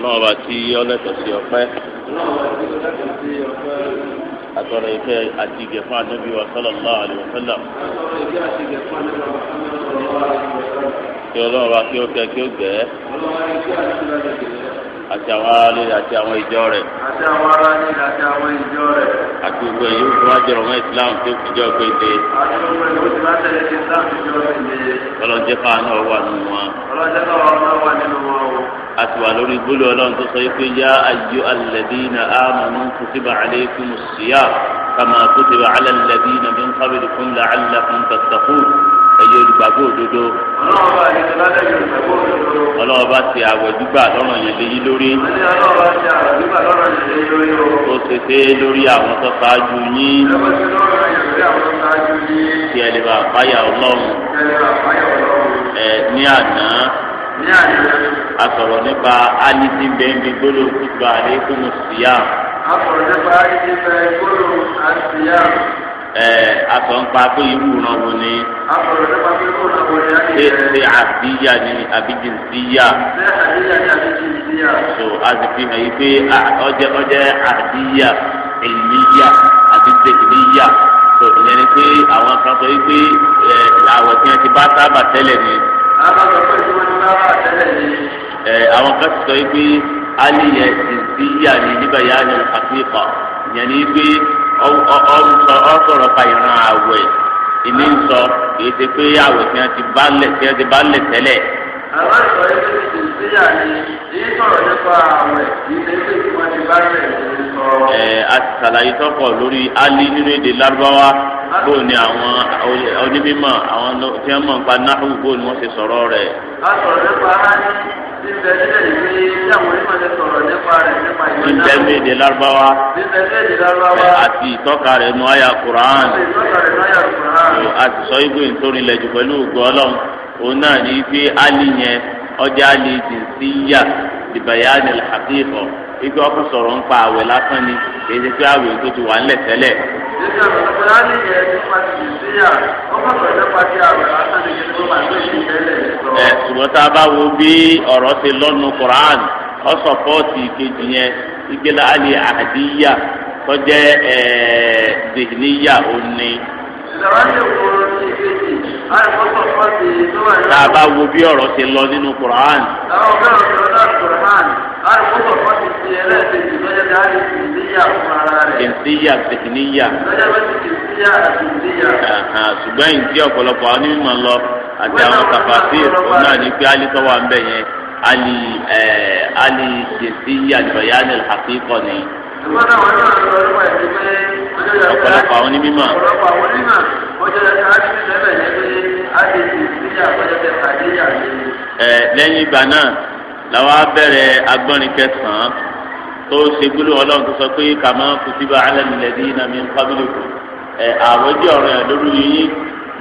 ọlọ́run bá tí ọlẹ́tọ̀ sí ọpẹ́ atọ́nà ìfẹ́ àti ìgẹ̀fọ́ anábì wa sallallahu alaihi wasallam. kí ọlọ́run bá kí ó kẹ́ kí ó gbẹ́. ọlọ́run bá kí ó kẹ́ kí ó gbẹ́. àti àwọn aráàlú rẹ̀ àti àwọn ìjọ rẹ̀. àti àwọn aráàlú rẹ̀ àti àwọn ìjọ rẹ̀. àti gbogbo èyí ó fi wá jọrọ mọ́ islam tó fi jọ gbèdé. àti gbogbo èyí ó fi wá tẹ̀lé islam tó jọ gbèdé. ọlọ́njẹ́ ká náà wà nínú wọn. ọlọ́njẹ́ ká náà wà nínú wọn o. a ti wà lórí gbólú ọlọ́run tó sọ yìí pé yá ayyu alladhina amanu kutiba alaykumus siyam kama kutiba ala alladhina min qablikum la'allakum tattaqun. ẹ̀yẹ olùgbàgbọ́ òdodo. ọlọ́wọ́ bá ti àwẹ̀ gbígbà lọ́rọ̀ yẹn lé yín lórí. ó ṣe ṣe lórí àwọn tó ṣáájú yín. kí ẹ lè bá fáyà ọlọ́run. ẹ ní àná. a sọ̀rọ̀ nípa alisi bẹ́ńbí gbólóhùn gbígbà àlékún síyà. a sọ̀rọ̀ nípa alisi bẹ́ńbí gbólóhùn àsíyà asọ̀ ń pa pé irú ràn wọ́n ni. asọ̀rọ̀ nípa pé irú ràn wọ́n ni. ṣé ṣe àbíyá ni àbíjìnsíyá. ṣé àbíyá ni àbíjìnsíyá. so a ti fi hàn yí pé ọjẹ́ ọjẹ́ àbíyá èlíyá àti tẹ̀kìlíyá. so ìyẹn ni pé àwọn kan sọ wípé àwọ̀ tí wọ́n ti bá sábà tẹ́lẹ̀ ni. àwọn kan sọ pé wọ́n ti bá sábà tẹ́lẹ̀ ni. àwọn kan sọ wípé aliyẹ pé ọ̀sọ̀rọ̀ ka ìran àwẹ̀ ìní ń sọ kì í ṣe pé àwẹ̀ tí ti bá lẹ̀ tẹ́lẹ̀ àwọn àṣọ ẹgbẹ́ tuntun síyà ni yìí sọ̀rọ̀ nípa àwẹ̀ ilé ìwé tí wọ́n ti bá rẹ̀ sọ. ẹ a ti ṣàlàyé tọkọ lórí ali nínú èdè lárúbáwá bó ni àwọn onímọ̀ àwọn tí wọ́n mọ̀ nípa náhù bó ni wọ́n ṣe sọ̀rọ̀ rẹ̀. a sọ̀rọ̀ nípa ali bíbẹ nílẹ̀ ìwé tí àwọn onímọ̀ ti sọ̀rọ̀ nípa rẹ̀ nípa ìwé náà. bíbẹ ní èdè lárúbáwá. bíbẹ ní èdè lárúbáwá. àti ìtọ́ka rẹ̀ nù àyà kùrán. àti ìtọ́ka rẹ̀ nù àyà kùrán. àti sọ òun náà ní pé ali yẹn ọjà ali jìnsíyà ìbàyà ni àkíkọ ibi ọkọ sọ̀rọ̀ ń pa àwẹ̀ lásán ni kì í ṣe tó ti wà ńlẹ̀ tẹ́lẹ̀. nígbà tó bá ní ìyẹn nípa jìnsíyà ọkọ sọ̀rọ̀ nípa ti àwẹ̀ lásán ni kì í ṣe pé àwẹ̀ tó ti tẹ́lẹ̀ sọ. ẹ ṣùgbọ́n tá a bá wo bí ọ̀rọ̀ ti lọ́nu Qur'an ọ ìkejì yẹn ìgbélé àdíyà tọ́jẹ́ tá a bá wo bí ọ̀rọ̀ ṣe lọ nínú Qur'an. kìnsíyà tẹkìníyà. ṣùgbọ́n ìdí ọ̀pọ̀lọpọ̀ àwọn onímọ̀ lọ àti àwọn kàfàfì ìfọ̀ náà ní pé alítọ́ wà ń bẹ̀ yẹn ali ali kìnsíyà bayani al-haqiqa ni ọ̀pọ̀lọpọ̀ àwọn onímọ̀. ọ̀pọ̀lọpọ̀ àwọn onímọ̀ ọjọ́ ìdájọ́ ìṣẹ̀lẹ̀ yẹn ẹ lẹ́yìn ìgbà náà làwọn abẹ́rẹ́ agbọ́nrin kẹsàn-án tó ṣe gbólóhùn ọlọ́run tó sọ pé kàmá kùtìbà alẹ́ nílẹ̀ bí iná mi ń pàbílẹ̀ kù àwọn jẹ́ ọ̀rọ̀ yẹn lórí yín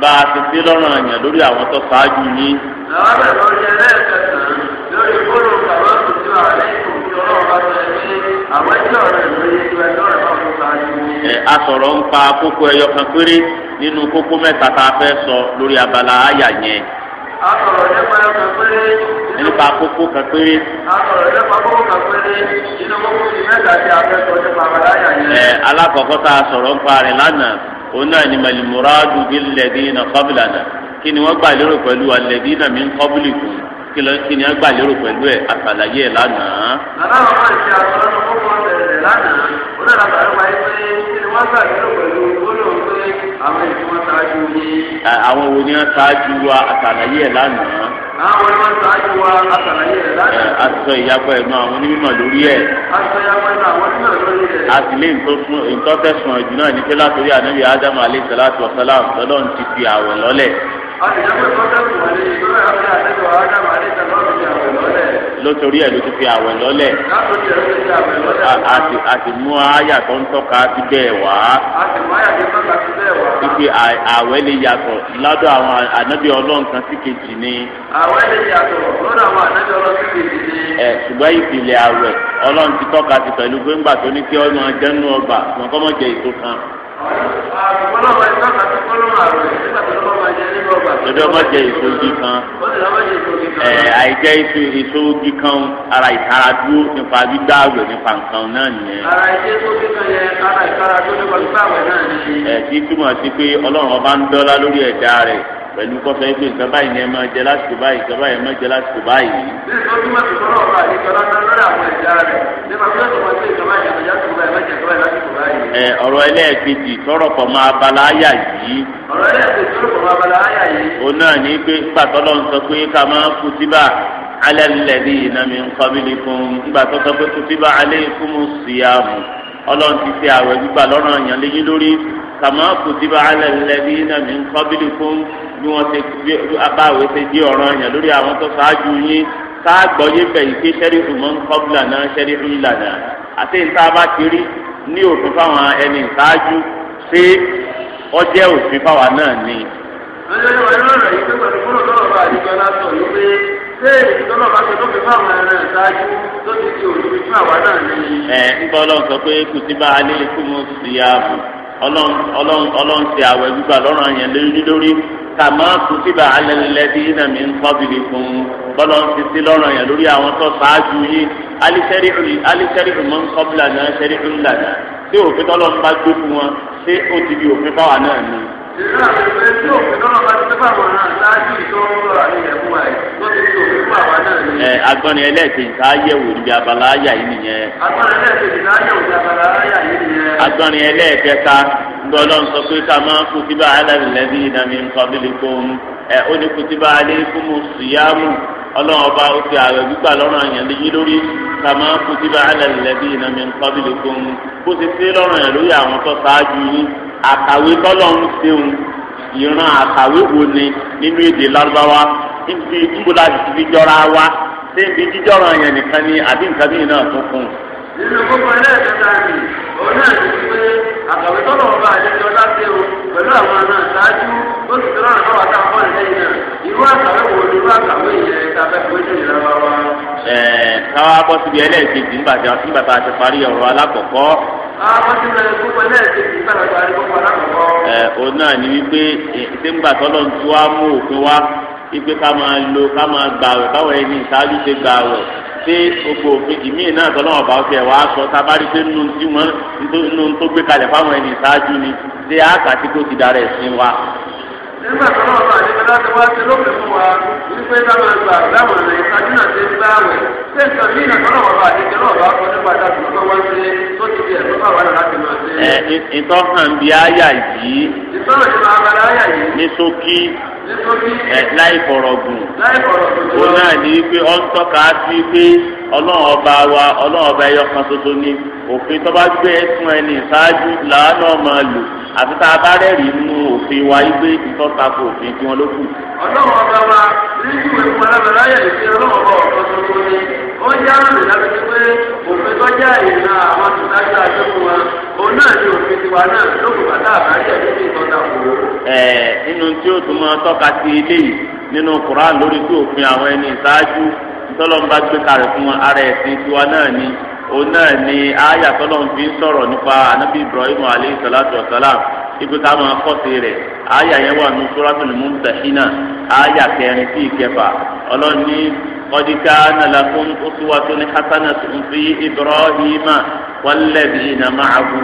bá a ti dé lọ́rùn àyàn lórí àwọn tó ṣáájú làwọn abẹ́rẹ́ lẹ́ẹ̀kẹsàn-án lórí gbólóhùn kàmá àwọn ọ̀rọ̀ yẹn lórí asọrọ nkpa koko ẹyọ kan péré nínú kókó mẹta tá a sọ lórí abala àyà yẹn. asọ̀rọ̀ nípa ẹyọ kan péré. nípa kókó kan péré. asọ̀rọ̀ nípa kókó kan péré nínú kókó mẹ́ta tí a fẹ́ sọ nípa abala àyà yẹn. ẹ tá a sọ̀rọ̀ ń pa lánàá òun náà ni malimuradu billadina qablana kí ni wọ́n gbà lérò pẹ̀lú alladina min qablikum kí ni wọ́n gbà lérò pẹ̀lú ẹ̀ àtàlàyé ẹ̀ lánàá. bàbá àwọn ọmọ ìṣe àtọ́lọ́nù ìṣẹ̀lẹ̀ lánàá ó dára pẹ̀lú wáyé pé kí wọ́n gbà lérò pẹ̀lú gbólóhùn pé àwọn èyí wọ́n ṣáájú ní. àwọn wo ni wọ́n ṣáájú wa àtàlàyé ẹ̀ lánàá. àwọn ni wọ́n ṣáájú wa àtàlàyé ẹ̀ lánàá. a sọ ìyapọ̀ ẹ̀nu àwọn onímọ̀ lórí ẹ̀. a sọ ìyapọ̀ ẹ̀nu àwọn onímọ̀ lórí ẹ̀. a sì lé ìtọ́tẹ̀sùn ọ̀jù náà ní pé látòrí ànábì ádámù alẹ́ sàlátù ọ̀sálàm tọ́lọ́ ti fi àwẹ̀ lọ́lẹ̀. a sì lé ìtọ́tẹ̀sùn ọ̀jù náà ní pé látòrí lótorí ẹ̀ ló ti fi àwẹ̀ lọ́lẹ̀ a sì mú àyà tó ń tọ́ka sí bẹ́ẹ̀ wá wípé àwẹ̀ lè yàtọ̀ lọ́dọ̀ àwọn ànábì ọlọ́run kan sí kejì ni. àwẹ̀ lè yàtọ̀ lọ́dọ̀ àwọn ànábì ọlọ́run sí kejì ni. ẹ ṣùgbọ́n ìpìlẹ̀ àwẹ̀ ọlọ́run ti tọ́ka sí pẹ̀lú pé ńgbà tó ní kí ọmọ jẹ́nu ọgbà ṣùgbọ́n kọ́mọ̀jẹ̀ ètò kan lọ́dọ̀ ọmọ jẹ èso igi kan ẹ̀ àìjẹ́ èso èso igi kan ara ìtaradúró nípa gbígbá àwẹ̀ nípa nǹkan náà nìyẹn. ara ìjẹ́ èso igi kan yẹn ara ìtaradúró nípa gbígbá àwẹ̀ náà nìyẹn. ẹ̀ tí túmọ̀ sí pé ọlọ́run ọba ń dọ́lá lórí ẹ̀dá rẹ̀ pẹ̀lú kọfẹ́ pé nǹkan báyìí ni ẹ máa jẹ lásìkò báyìí nǹkan báyìí ẹ máa jẹ lásìkò báyìí. bí ìtọ́jú máa ti fọ́nà ọ̀gá àdìgbọ́lá ọ̀rọ̀ ẹlẹ́ẹ̀kejì tọ́rọ̀ pọ̀ mọ́ abala àyà yìí. ọ̀rọ̀ ẹlẹ́ẹ̀kejì tọ́rọ̀ pọ̀ mọ́ abala àyà yìí. òun náà ní pé gbàtọ́lọ́ ń sọ pé ká máa ń kutiba ala alladhina min qablikum gbàtọ́ sọ pé kutiba alaykumus siyamu ọlọ́run ti ṣe àwẹ̀ gbígbà lọ́rọ̀ yàn léyìn lórí kàmá kutiba ala alladhina min qablikum bí wọ́n ṣe abáwẹ̀ ṣe jẹ́ ọ̀rọ̀ yàn lórí àwọn tó ṣáájú yín ká gbọ́ yé bẹ̀yì pé sẹ́rí ìmọ̀ ń kọ́bìlà náà sẹ́rí ìlànà àti ìta bá ti rí ní òfin fáwọn ẹni ìṣáájú ṣé ọjẹ́ òfin fáwa náà ni. ọjọ́ ìwà ìrọ̀rùn yìí pẹ̀lú kúrò lọ́rọ̀ bá àdìgbà pé ṣé ìtọ́nà bá ṣe lófin fáwọn ẹni ìṣáájú tó ti di òfin fún àwa náà ni. ẹ ń bọ́ ọlọ́run sọ pé kùtìbà alẹ́ kùmù síyàbù ọlọ́run ti àwẹ̀ gbígbà lọ́rùn yẹn lórí kàmá kùtìbà alẹ́ lẹ́dí nàmí nkọ́bìlì fún bọ́lọ̀ ń fi sí lọ́rọ̀ yẹn lórí àwọn tó ṣáájú yìí alísẹ́rì ìmọ̀ nkọ́bìlà náà sẹ́rì ńlá náà ṣé òfin tọ́lọ́ ń bá gbé fún wọn ṣé ó ti di òfin fáwa náà ni. ìrírà pé tí yẹ̀wò níbi abala ayà yìí nìyẹn. agbọnni ẹlẹ́ẹ̀kejì tá yẹ̀wò níbi abala ayà yìí nìyẹn. agbọnni ẹlẹ́ẹ̀kẹta gbọ́dọ̀ sọ pé ká máa kutiba ala alladhina min qablikum ẹ̀ ó ní kutiba alaykumu siyamu ọlọ́run ọba ó fi ààrẹ gbígbà lọ́rùn àyàn lé yín lórí kama kutiba ala alladhina min qablikum bó ti fi lọ́rùn yẹn lórí àwọn tó ṣáájú yín àkàwé tọ́lọ́run ṣeun ìran àkàwé wo ni nínú èdè lárúbáwá níbi ìdúgbò láti fi jọra wa ṣé ibi jíjọ́ràn nínú gbogbo ẹlẹ́ẹ̀kẹta ni òun náà ti fi pé àkàwé ọba àdéjọ láti o pẹ̀lú àwọn àna ṣáájú ó sì tẹ́lá àná wà ká fọ́ ẹ̀lẹ́yìn náà irú àkàwé wo ni irú àkàwé yẹn ká fẹ́ wa. ẹ káwá síbi nígbà a ti parí gbogbo wípé ká máa lo ká máa ẹni ṣe ṣé gbogbo òkejì míì náà tọ́lọ́wọ́ bá fẹ́ wàá sọ tábàrí pé nínú tí wọ́n nínú tó gbé kalẹ̀ fáwọn ẹni ìṣáájú ni ṣé àkàtí kò ti dára ẹ̀sìn wa nígbà tó náà bá àdébẹ́ láti wá sí lókè fún wa wípé táwọn àgbà àgbàmọ̀ ní kájínà ti ń gbá àwẹ̀ ṣé nǹkan bí ìnà tó náà bá àdébẹ́ náà bá kọ́ nípa dàbí tó wá sí tó ti di ẹ̀tọ́ bá wà láti máa ṣe. ẹ ìtọ́ hàn bí àyà yìí. ìtọ́nà ti máa balẹ̀ àyà yìí. ní ṣókí láì fọ̀rọ̀ gùn. láì fọ̀rọ̀ gùn. ó náà ní ọlọ́run ọba wa ọlọ́run ọba ẹyọ kan ṣoṣo ni òfin tó bá gbé fún ẹni ìṣáájú làánà máa lò àti tá a bá rẹ́ẹ̀rí nínú òfin wa yí pé ìtọ́ta kò òfin tí wọ́n ló kù. ọlọ́run ọba wa nínú ìwé fún alábẹ̀láyà lè fi ọlọ́run ọba ọ̀tọ̀ tuntun ni ó yá lòdì láti pé òfin tó jẹ́ ìlànà àwọn àtúndájọ́ àjọkùn wa òun náà ni òfin tiwa náà lókùn bàtà àbájẹ́ nínú ìtọ́ta kò. ẹ nínú tí ó tún máa tọ́ka sí ilé yìí nínú Kùránì lórí tí òfin àwọn ẹni ìṣáájú òun náà ni àyà tọ́lọ́ fi ń sọ̀rọ̀ nípa anabi ibrahim alayhi salatu wa salam ibi ká máa kọ́sí rẹ̀ àyà yẹn wà ní suratul mumtahina àyà kẹrin sí ìkẹfà ọlọ́ni qad kana lakum uswatun hasanatun fi ibrahima wal ladina ma'ahu.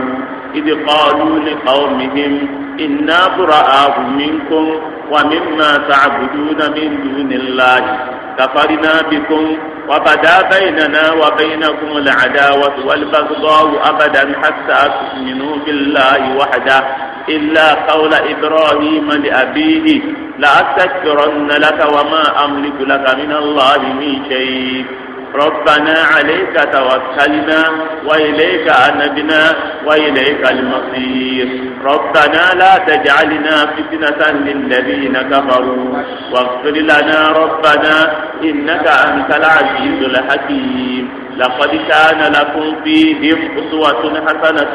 إذ قالوا لقومهم إنا براء منكم ومما تعبدون من دون الله كفرنا بكم وبدا بيننا وبينكم العداوة والبغضاء أبدا حتى تؤمنوا بالله وحده إلا قول إبراهيم لأبيه لأستكبرن لك وما أملك لك من الله من شيء ربنا عليك توكلنا وإليك أنبنا وإليك المصير ربنا لا تجعلنا فتنة للذين كفروا واغفر لنا ربنا إنك أنت العزيز الحكيم لقد كان لكم فيهم أسوة حسنة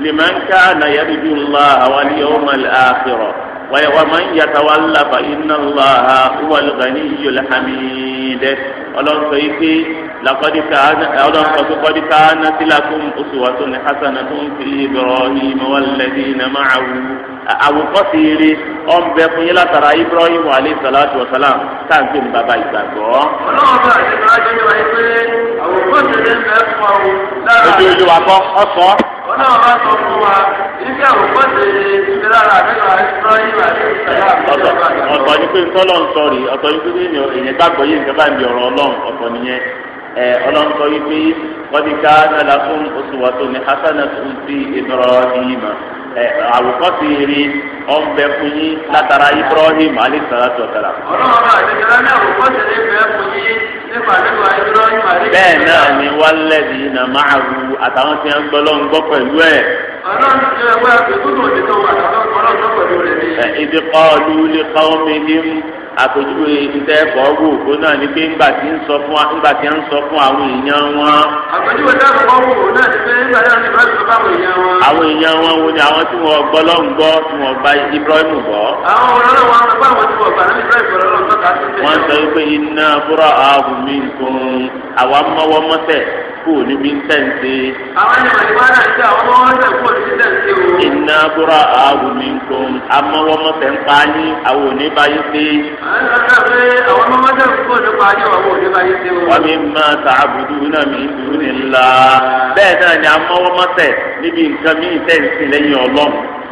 لمن كان يرجو الله واليوم الآخر ومن يتولى فإن الله هو الغني الحميد ولو سيكي لقد كان لقد كانت لكم أسوة حسنة في إبراهيم والذين معه أبو قصير أم بقي لا ترى إبراهيم عليه الصلاة والسلام كان في بابا إبراهيم ojú ojú wa kọ́ ọ̀sán ọlọ́run bá sọ fún wa iṣẹ́ òkúté ìdára nípa ẹ̀sọ́ ìwà ìṣẹ̀lá. ọ̀tọ̀ ni pé sọ́lọ́ ń sọ̀rí ọ̀tọ̀ ni pé èèyàn gbàgbọ́ yìí nǹkan bá ń di ọ̀rọ̀ ọlọ́run ọ̀tọ̀ nìyẹn ọlọ́run sọ wípé wọ́n ti ká nàlá fún oṣù wàtò ní hasanatu ti ìdọ̀rọ̀ ìyìnbá àwòkọ́ ti rí ọ̀nbẹ fún yín látara Ibrahim alẹ́sàlátù ọ̀tara. ọlọ́run àdéhùn ní àwòkọ́ ti rí bẹ́ẹ̀ fún yín nípa àdéhùn Ibrahim alẹ́sàlátù. bẹ́ẹ̀ náà ni wálẹ̀dì iná máa ru àtàwọn tí wọ́n gbọ́ lọ́n gbọ́ pẹ̀lú ẹ̀. ọlọ́run ti rẹ̀ wá ìdúró òde tó wà ìdí kọ́ọ̀lù liqawmihim àpèjúwe ìtẹ́ fọ́ọ̀gù òkú náà ni pé ńgbà tí ń sọ fún ńgbà tí ń sọ fún àwọn èèyàn wọn. àpèjúwe náà fọ́ọ̀gù òkú náà ńgbà sọ fún àwọn èèyàn wọn. àwọn èèyàn wọn wo ni àwọn tí wọn gbọ́ lọ́n gbọ́ tí wọ́n gba Ibrahim gbọ́. àwọn ọlọ́run wọn sọ àwọn tí gbà kó o níbi ń tẹ̀sí. àwọn ẹni wọ̀nyí wá náà ṣe àwọn ọmọ wọn náà kó o níbi tẹ̀sí o. iná búra àwọn mi ń kó amọ́wọ́ mọ́tẹ́ ń pa ní àwọn òní báyìí sí. àwọn ọmọ mọ́tẹ́ ń kó nípa ní àwọn òní báyìí sí o. wọ́n mi máa ta àbùdù náà mi ń dùn ní ńlá. bẹ́ẹ̀ náà ni amọ́wọ́ mọ́tẹ́ níbi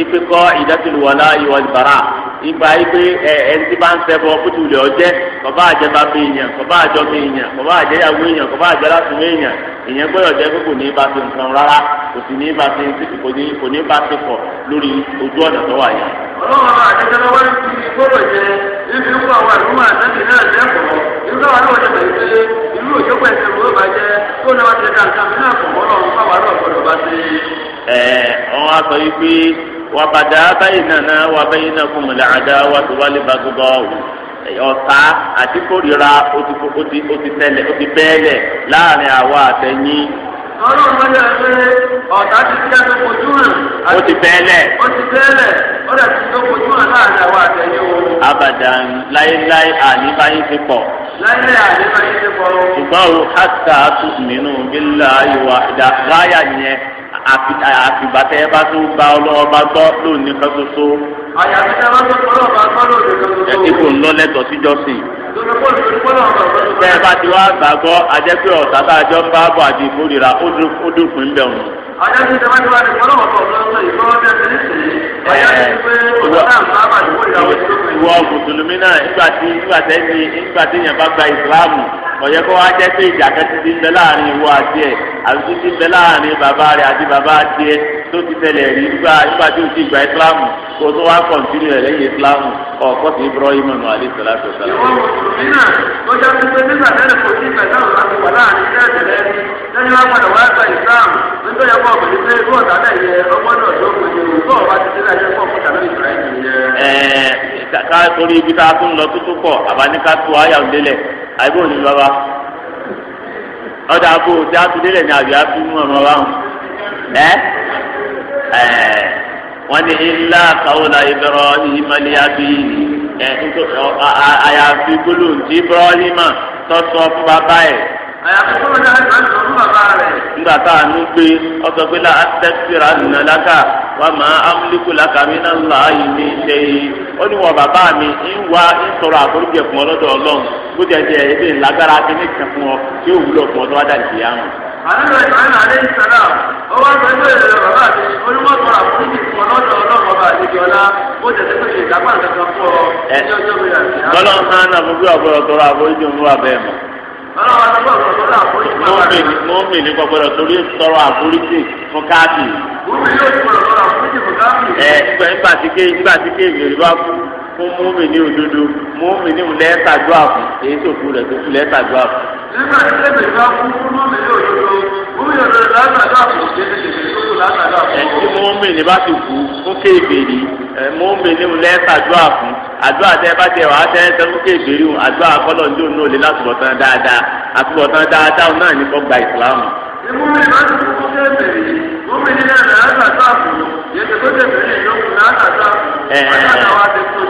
ipe kọ́ ìdátìlúwọlá ìwọ ìbára ìgbà ipe ẹ ẹntì bá ń sẹ́bọ̀ kútùlẹ̀ ọjẹ́ kọ̀bá àjẹba bí èèyàn kọ̀bá àjọ bí èèyàn kọ̀bá àjẹyàwó èèyàn kọ̀bá àjẹlásùn èèyàn èèyàn gbọ́dọ̀ jẹ́ pé kò ní bá ti nǹkan rárá kò sì ní bá ti kò ní kò ní bá ti kọ̀ lórí ojú ọ̀nà tó wà yẹn. ọlọ́run àtẹ̀jọ́ wá ní ti gbọ́dọ̀ jẹ ibi ń bọ̀ wá ìlú máa tẹ́lẹ̀ náà lẹ́kọ̀ọ́ ìlú àwọn àwọn ọ̀dọ́ ìṣẹ̀lẹ̀ ìlú òjòkó ẹ̀sẹ̀ ló bá jẹ́ tó náà wá ti dá nǹkan mi náà kọ̀ ọlọ́run fáwọn àlọ́ ọ̀gbọ́dọ̀ bá ti. ẹ ọ wàbàdà báyìnàna wà báyìnà kùmùlà àdá wà tó wálé bàgùbọ̀ ọ̀tá àti kórìíra ó ti tẹ̀lẹ̀ ó ti bẹ́ẹ̀lẹ̀ láàrin àwa àtẹ̀yìn ọlọ́run bá yà pé ọ̀tá ti fi àtọ́ kojú hàn. ó ti bẹ́ẹ̀lẹ̀. ó ti bẹ́ẹ̀lẹ̀ ó dà ti tó kojú hàn láàrin àwọn àtẹ̀yìn o. abadan láéláé àníbáyé ti pọ̀. láéláé àníbáyé ti pọ̀ ṣùgbọ́n o hàtà tún mìíràn bí láàyè wà dá ráyà yẹn àfìgbàtẹ́ bá tó gba ọlọ́wọ́ bá gbọ́ lónìí kan ṣoṣo. àyàfi tẹ́ bá tó gbọ́ lọ́wọ́ bá gbọ́ lónìí kan ṣoṣo. ẹ ti kò ń lọ lẹ́tọ̀ọ́ síjọ́sìn tẹ ẹ bá ti wá gbàgbọ́ ajẹ́pẹ́ ọ̀tá tá a jọ ń bá bọ̀ àti ìkórìíra ó dúpin bẹ̀ wọ́n. ọjọ́ tí sẹ́wájú wa ni fọlọ́wọ́ kọ̀ọ̀kan sọ ìfọwọ́bẹ̀ fẹ́lẹ́sì ìwọ mùsùlùmí náà nígbà tí nígbà tí ẹni nígbà tí èèyàn bá gba ìsìláàmù ọ̀yẹ́ kó wá jẹ́ pé ìjà kan ti ti ń bẹ láàrin ìwọ àti ẹ̀ àti ti ti ń bẹ láàrin bàbá rẹ̀ àti bàbá tiẹ̀ tó ti tẹ̀lé rí nígbà nígbà tí o ti gba ìsìláàmù kó tó wá kọ̀ǹtínú rẹ̀ lẹ́yìn ìsìláàmù ọ̀kọ́ ti Ibrahim nù alẹ́ sọlá tó sọlá. ìwọ mùsùlùmí náà ló jẹ́ pé nígbà tẹ́lẹ̀ kò sí ìgbà náà láti wà láàrin ilé ẹ̀jẹ̀ rẹ̀ lẹ́yìn wá padà wá gba ìsìláàmù nígbà yẹn kọ́ ọ̀gbìn torí ibi tá a tún lọ tuntun pọ̀ àbáníká tó ayà ń lélẹ̀ àìbò ní bàbá ọ̀dà àbò tí a tún lélẹ̀ ní àbí a tún mú ọmọ wa hàn ẹ́ àyàfi gbólóhùn tí fún nígbà tá a ní pé ọsọ pé la nínú laka wà má amúlíkù laka náà ń lọ ayé mi yìí ó ní wọn bàbá mi ń wá ń sọ̀rọ̀ àforíjì fún ọ Ọlọ́run bó ti ẹ̀jẹ̀ ẹbí ńlágbára kíní kan fún ọ tí ó wúlò fún ọ tó wá dà àlejò ó wá sọ pé mọ́mí ní gbọ́gbọ́dọ̀ torí tọrọ àforíjì fún káàkiri. ẹ gbẹ nígbà tí ké nígbà tí ké ìrírí bá kú fún mọ́mí ní òdodo mọ́mí ní lẹ́tà jọ àbù èyí tó kú rẹ̀ tó kú lẹ́tà jọ àbù. nígbà tí ké ìrírí bá kú fún mọ́mí ní òdodo mọ́mí ní òdodo lẹ́tà jọ àbù èyí tó kú lẹ́tà jọ àbù. ẹ tí mọ́mí ní bá ti kú fún kéèké ni mọ́mí ní lẹ́tà jọ àbù àdúrà tẹ bá tẹ wàá tẹ sẹfúnkè ìgbèríhùn àdúrà kọlọ ń dóun náà lè látúbọ̀tán dáadáa àtúbọ̀tán dáadáa náà ní kọ́ gba ìsìlámù. ìmú mi máa ń tún fún kébèrè mú mi ní náà náà àgbàdo àbùrù yẹtù tó tẹ̀lé ìyókù náà àgbàdo àbùrù.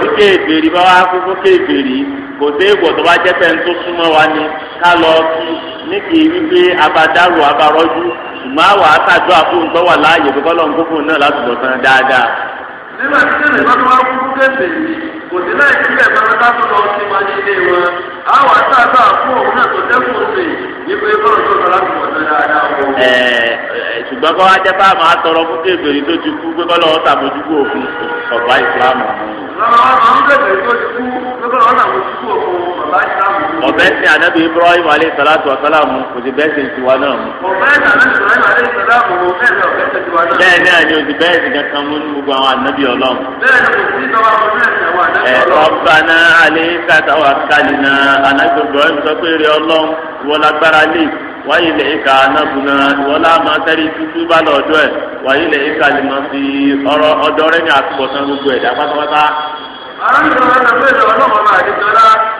kókè ìbèrè bá wá fún kókè ìbèrè kò dé ìwọ̀ tó bá jẹ́ pẹ́ ń tó súnmọ́ wa ni ká lọ kí ní kì í wípé abadárò abarọ́jú ṣùgbọ́n àwọn àtàjọ àfóńtọ́ wà láàyè pé kọ́lọ́ ń kókò náà látúbọ̀tán dáadáa nígbà tí kí nìkan tó wá kúkú kébè kò sí láì sí ẹ̀ka mẹ́ta tó lọ sí wa ní ilé wọn àwọn àtàtà fún òun náà tó dẹ́kun sí ìgbé bọ́ọ̀lù tó sọ láti wọ̀ dáadáa wọ. ẹ ṣùgbọ́n kọ́ wájẹ́ bá máa tọrọ fún kébè tó ti kú pé kọ́ lọ́wọ́ tàbójúkú òfin ọ̀gbá ìsìlámù. lọ́wọ́ àwọn kébè tó ti kú ọbẹ̀ sin anabi ibrahim aleyhi salatu wa salamu kò o bẹ́ẹ̀ sin tiwa náà mu. ọbẹ̀ sin anabi ibrahim aleyhi salatu wa salamu kò sì bẹ́ẹ̀ sin tiwa náà. bẹ́ẹ̀ náà ni o sì bẹ́ẹ̀ sin kankan mú ní gbogbo àwọn anabi ọlọ́run. bẹ́ẹ̀ ni kò sí tọ́wọ́ àwọn anabi ọlọ́run. ẹ rọ́bànà aleyka tawakkalina anabi ibrahim sọ pé rẹ ọlọ́run wọ́n lágbára wáyé lè ka anabuna wọlé àmà tẹ́lí tútú bá lọ́dọ̀ ẹ̀ wáyé lè ka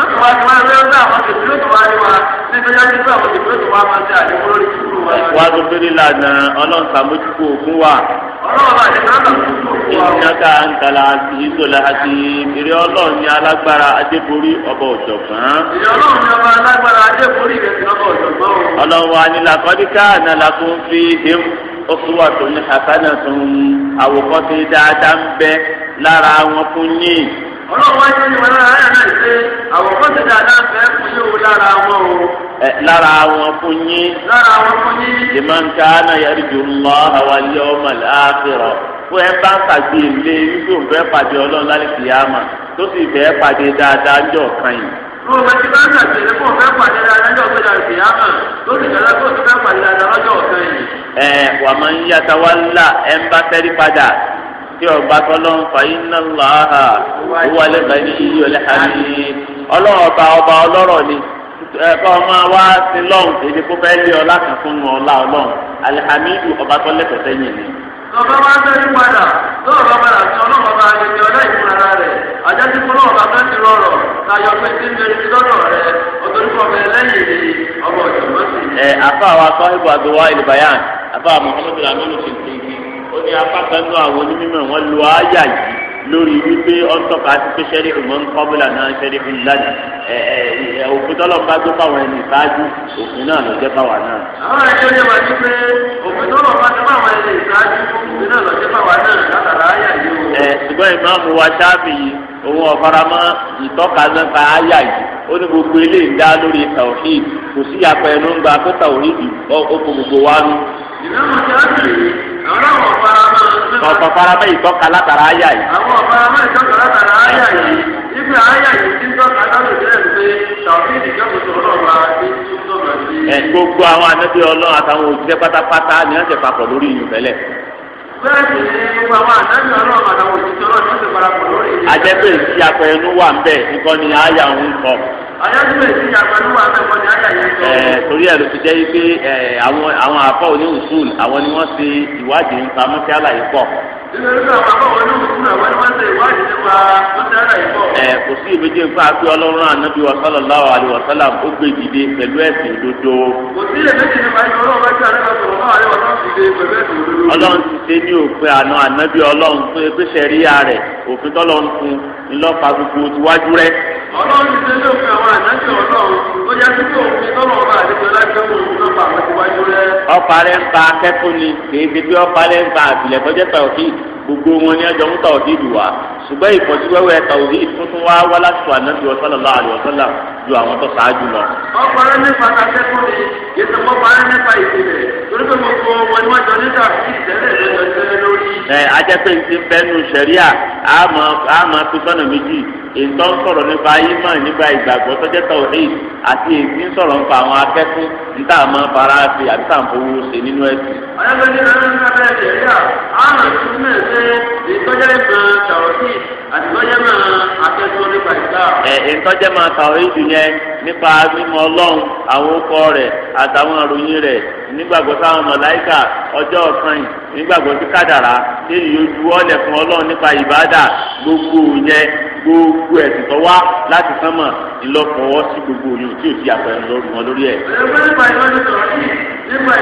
wọ́n ti wá ní wá lọ́wọ́ àwọn ìdílé tó wá wa nítorí wọ́n ti fún àwọn ìdílé tó wá máa lórí wa. wá tó lànà ọlọ́run sàmójúkú wa. ọlọ́run bá ti ìyáka àti ìṣòlá ni dáadáa ń bẹ lára wọn fún yín. ọlọ́run wáyé ní wọn lára ayé náà ṣe àwọn kan ti dáadáa fẹ́ fún yóò lára wọn o. lára wọn fún yín. lára wọn fún yín. liman kana yarjullaha wal yawmal akhir fún ẹ bá pàdé ilé wípé òun fẹ́ pàdé ọlọ́run lálẹ́ kìyàmà tó sì fẹ́ pàdé dáadáa ńjọ́ kan yìí tó o bá ti bá ń ṣàṣeyẹ fún ọ̀fẹ́ pàdé adájọ́ pé àìsè á mọ̀ tó sì dára kó o ti fẹ́ pàdé adájọ́ ọ̀sẹ̀ yìí. ẹ wà máa ń yàtọ̀ wá ńlá ẹ ń bá tẹ́rí padà tí ọba tọ́lọ́ ń fa iná láha wíwá lẹ́ka ní iyì ọ̀lẹ́hàmì ọlọ́run ọba ọba ọlọ́rọ̀ ni ẹ̀kọ́ ọmọ wa ti lọ́hùn èdè kó fẹ́ lé ọlá kan fún ọlá ọlọ́run alihamidu ọba tọ́lẹ̀ pẹ̀tẹ́ yẹn ni. lọ́ba máa ń tẹ́lẹ̀ padà lọ́ọ̀bá padà sí ọlọ́run ọba àgbègbè ọ̀dá ìfúnra rẹ̀ àjẹsí fún ọlọ́run ọba fẹ́ rọrọ̀ tayọ pé tí ń bẹ̀rẹ̀ ó ní apákanú àwọn onímọ̀ wọn lo àyà yìí lórí wípé ọ̀ńtọ́ka ti pé sẹ́rí ìmọ̀n kọ́bílà náà sẹ́rí ìlànà ẹ̀ ẹ̀ òfin tọ́lọ́mùbá tó fáwọn ẹni ìsáájú òfin náà ló jẹ́ fáwa náà. àwọn ẹni ó lè wà ní pé òfin tọ́lọ́mùbá tó fáwọn ẹni ìsáájú òfin náà ló jẹ́ fáwa náà látara àyà yìí o. ẹ ṣùgbọ́n ìmáàmù wa ṣáàbì yìí òun ọ̀faramọ́ ìtọ́ka nípa àyà yìí ó ní gbogbo ilé ń dá lórí tàwíìd kò sí àpẹẹrẹ ló ọ̀pọ̀ farama ìtọ́ka látara àyà yìí. àwọn farama ìtọ́ka látara àyà yìí ibi àyà yìí ti ń tọ́ka lọ́dún pé tàbí ìdíjọ́kùtù ọlọ́ọ̀bá ti ń tọ́ka sí. ẹ gbogbo àwọn anábì ọlọ́run àtàwọn òṣìṣẹ́ pátápátá ni wọ́n ti papọ̀ lórí ìyún bẹ́ẹ̀ ni gbogbo àwọn ọlọ́run àtàwọn òṣìṣẹ́ ọlọ́run ti papọ̀ lórí ìyún torí ẹ ló fi jẹ́ pé àwọn àwọn àfọ òní usul àwọn ni wọ́n ṣe ìwádìí nípa mọ́tíálà yìí pọ̀. kò sí ìbejì nípa pé ọlọ́run ànábì wa sallallahu alaihi wa sallam ó gbé ìdílé pẹ̀lú ẹ̀sìn òdodo. kò sí ìbejì nípa pé ọlọ́run bá jẹ́ ànábì sallallahu alaihi wa sallam ìdílé pẹ̀lú ẹ̀sìn òdodo. ọlọ́run ti ṣe ní òpin àná ànábì ọlọ́run fún ẹgbẹ́ sẹ́ríyà rẹ̀ òfin tọ́lọ́run fún ńlọ́pàá gbogbo tiwájú rẹ̀ ọlọ́run ṣe ló fi àwọn àdájọ́ ọlọ́run tó yá sí pé òfin tọ́lọ̀ ọba àdéjọ lájọ́ mọ̀ òun náà pàmò síwájú rẹ. ọ̀pá rẹ̀ ń ba akẹ́kọ̀ọ́ ni kìí ṣe bí ọ̀pá rẹ̀ ń ba àbílẹ̀ tọ́jẹ́ gbogbo wọn ni ẹjọ́ ń tàwọ́kì dù ṣùgbọ́n ìfọ̀síwẹ́wẹ́ tàwọ́kì tuntun wá wá láti wà náà ju àwọn tó ṣáájú lọ. ọkùnrin nípa kàtẹ́kùn ni ètò ọkùnrin nípa ìpìlẹ̀ torí pé gbogbo wọn ni wọ́n jọ nígbà tí ìtẹ́lẹ̀ lọ́jọ́ tẹ́lẹ̀ lórí. ẹ ajẹ́pẹ́ ti bẹnu sẹ̀ríà a máa fi sọ́nà méjì ètò ń sọ̀rọ̀ nípa ayémọ̀ nípa ìgbàgbọ́ tọ́jẹ́ tawhid àti èyí ń sọ̀rọ̀ nípa àwọn akẹ́kọ̀ọ́ níta máa fara fi àti tàǹfowó ṣe nínú ẹ̀sìn. ọ̀yẹ́gbẹ́ni lọ́dún ní abẹ́rẹ́ sẹ̀ríà a ìtọ́jẹ́ máa tàwé jù yẹn nípa mímọ̀ ọlọ́run àwọn ọkọ rẹ̀ àtàwọn àròyìn rẹ̀ nígbàgbọ́ sáwọn mọ̀láìkà ọjọ́ ọ̀sán nígbàgbọ́ sí kádàrá fún ọlọ́run nípa ìbádà gbogbo yẹn gbogbo ẹ̀sìn tó wá láti sí gbogbo àpẹẹrẹ wọn lórí ẹ̀. nípa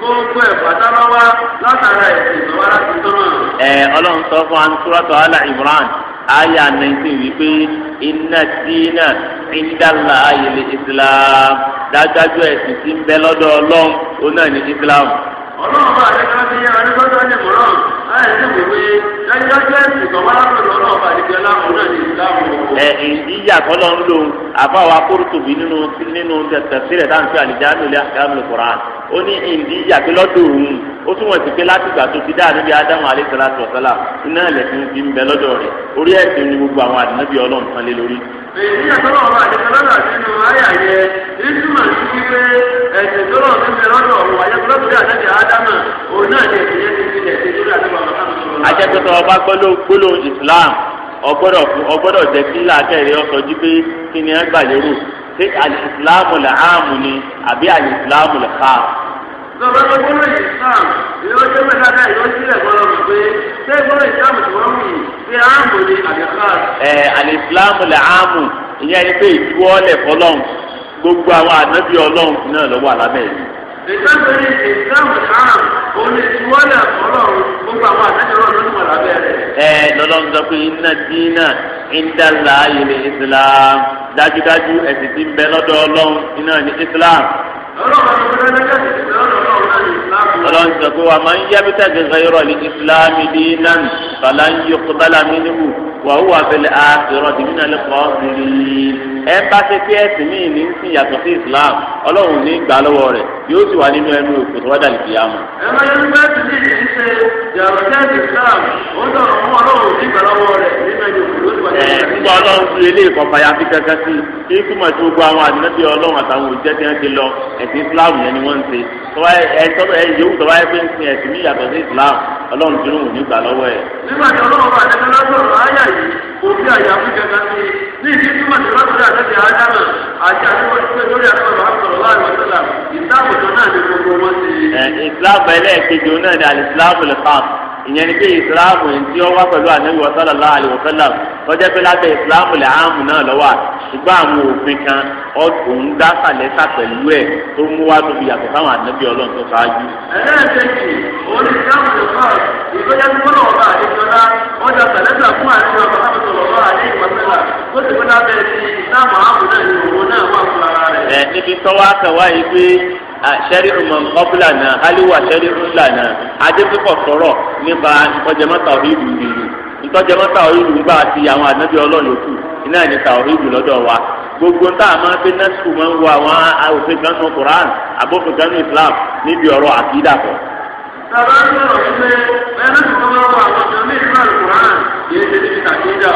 gbogbo ẹ̀ ọlọ́run sọ fún ansuratu ala Imran aya nineteen wípé iná dínà ìdálà ayẹlẹ Islam dájájú ẹ̀sìn tí ń bẹ lọ́dọ̀ ọlọ́run ó náà ní Islam. ọlọ́run bá ní sí dájájú ẹ̀sìn ọba àdìgbẹ́lá òun náà ní Islam. ẹ àbáwá nínú nínú àlìjáde àkàmìlì ó ní ìdíyà pé lọ́dọ̀ òun ó túmọ̀ sí pé láti ìgbà tó ti dá àdébí ádámù alẹ́sàlátù ọ̀sálà iná ẹ̀lẹ́sìn ti ń bẹ lọ́dọ̀ rẹ̀ orí ẹ̀sìn ni gbogbo àwọn àdínábì ọlọ́run kan lé lórí. èyí àtọ́lọ́ ọba àdìsọ́lọ́dà sínú ayà yẹ ìtumọ̀ sí wípé ẹ̀sìn tó lọ́ọ̀ ń bẹ lọ́dọ̀ ọ̀hún ayẹ́kọ́lọ́dọ̀ àdébí ádámù òun náà lè fi yẹn ti fi ẹ̀sìn lórí àdébí ọ̀hún. ajẹ́pẹ́tọ̀ ọba gbọ́lọ́ Islam ọgbọ́dọ̀ ọgbọ́dọ̀ jẹ́ kí làákẹ́rẹ́ ọ̀sọ́ jí pé kí ni ẹ gbà lérò ṣé alìsílámù làámù ni àbí alìsílámù làámù lọ́ba tó gbọ́dọ̀ islam ìlú tó mẹ́ta dá ìlú sílẹ̀ gbọ́dọ̀ pé ṣé gbọ́dọ̀ islam tó wọ́n mú yìí pé àmù ni ẹ alìsílámù lẹ àmù ìyẹn ni pé ìtú ọlẹ fọlọ́n gbogbo àwọn ànábì ọlọ́run náà lọ́wọ́ àlámẹ́ yìí. ìtọ́jú ni àmù na ìtú ọlẹ gbogbo àwọn ànábì lọ́wọ́ ẹ lọ́lọ́run sọ pé iná dínà islam dájúdájú ẹ̀sìn ti ń bẹ islam ọlọ́run sọ pé wà máa ń yá bí tàbí gbẹ́rọ̀ ní ìsìláàmù dínán fàlàyé kọ́tàlá mi níbù wà hùwà fẹ́lẹ́ àkèrọ̀ tìmínà lẹ́kọ̀ọ́ sílẹ̀ ẹ bá ṣe pé ẹsìn míì ní ń sìn yàtọ̀ sí islam ọlọ́run ní gbà lọ́wọ́ rẹ̀ yóò sì wà nínú ẹnu òkú tó wájà lè yá mu. ẹ máa yẹn bá ti ní ìdí ṣe yàtọ̀ sí islam ó dọ̀rọ̀ mú ọlọ́run ní gbà lọ́wọ́ rẹ̀ nínú ẹnu òkú tó wájà lè yá mu. nígbà ọlọ́run fi ilé ìkọ̀ọ̀fà ya fi kankan sí kí túmọ̀ tí gbogbo àwọn àdínábí ọlọ́run àtàwọn òjẹ́ tí wọ́n ti lọ ẹ̀sìn islam yẹn ni wọ́n ń ṣe yòówù tó bá yẹ pé ń sin ẹ̀sìn míì yàtọ̀ sí islam ọlọ́run tí òun nígbà lọ́wọ́ ẹ̀. nígbà tí ọlọ́run bá àdéhùn lọ́sọ̀rọ̀ ayà yìí kò fi àyàfi kankan sí i ní ìdí àtẹ̀tẹ̀ ádámà àti àdúgbò lórí àtẹ̀tẹ̀ àbúrò láàrin ìṣẹ̀lá ìsìláàmù tó náà ní gbogbo wọn ti. ìsìláàmù ẹlẹ́ẹ̀kejì òun náà ni àlìsìláàmù lè fà ìyẹn ni pé ìsìláàmù tí ó wá pẹ̀lú ànábì sallallahu alaihi wasallam tọ́jẹ́ pé lábẹ́ ìsìláàmù lẹ̀ áàmù náà lọ́wọ́ ṣùgbọ́n àwọn òfin kan ọ̀hún dá sàlẹ́sà pẹ̀lú ẹ̀ tó mú wá tóbi yàtọ̀ sáwọn ànábì ọlọ́run tó ṣáájú. ẹlẹ́ẹ̀kejì òun ni ìsìláàmù lè fà ìgbẹ́jẹ́ gbọ́dọ̀ ọba àdéjọba ọjà sàlẹ́sà fún àdéjọba bàbá mi sọ̀rọ̀ Ah, sẹ́ríù mọ̀ ọ́bùlà náà aliwa sẹ́ríù ńlá náà adébíkọ̀ sọ̀rọ̀ nípa ntọ́jẹmọ́ta òhìrì ìlú ntọ́jẹmọ́ta òhìrì ńgbà àti àwọn ànábì ọlọ́run yòókù iná ẹ̀ níta òhìrì lọ́dọ̀ wa gbogbo ntá a máa fi nẹ́sùkù máa ń wo àwọn òfin kan nù Quran àbófin kan nù Islam níbi ọ̀rọ̀ àkídà kọ. sábà ń sọ̀rọ̀ wípé bẹ́ẹ̀ náà kọ́ máa wọ àwọn ọ̀dọ́ ní ìlú Al-Quran yìí ṣe níbi àkídà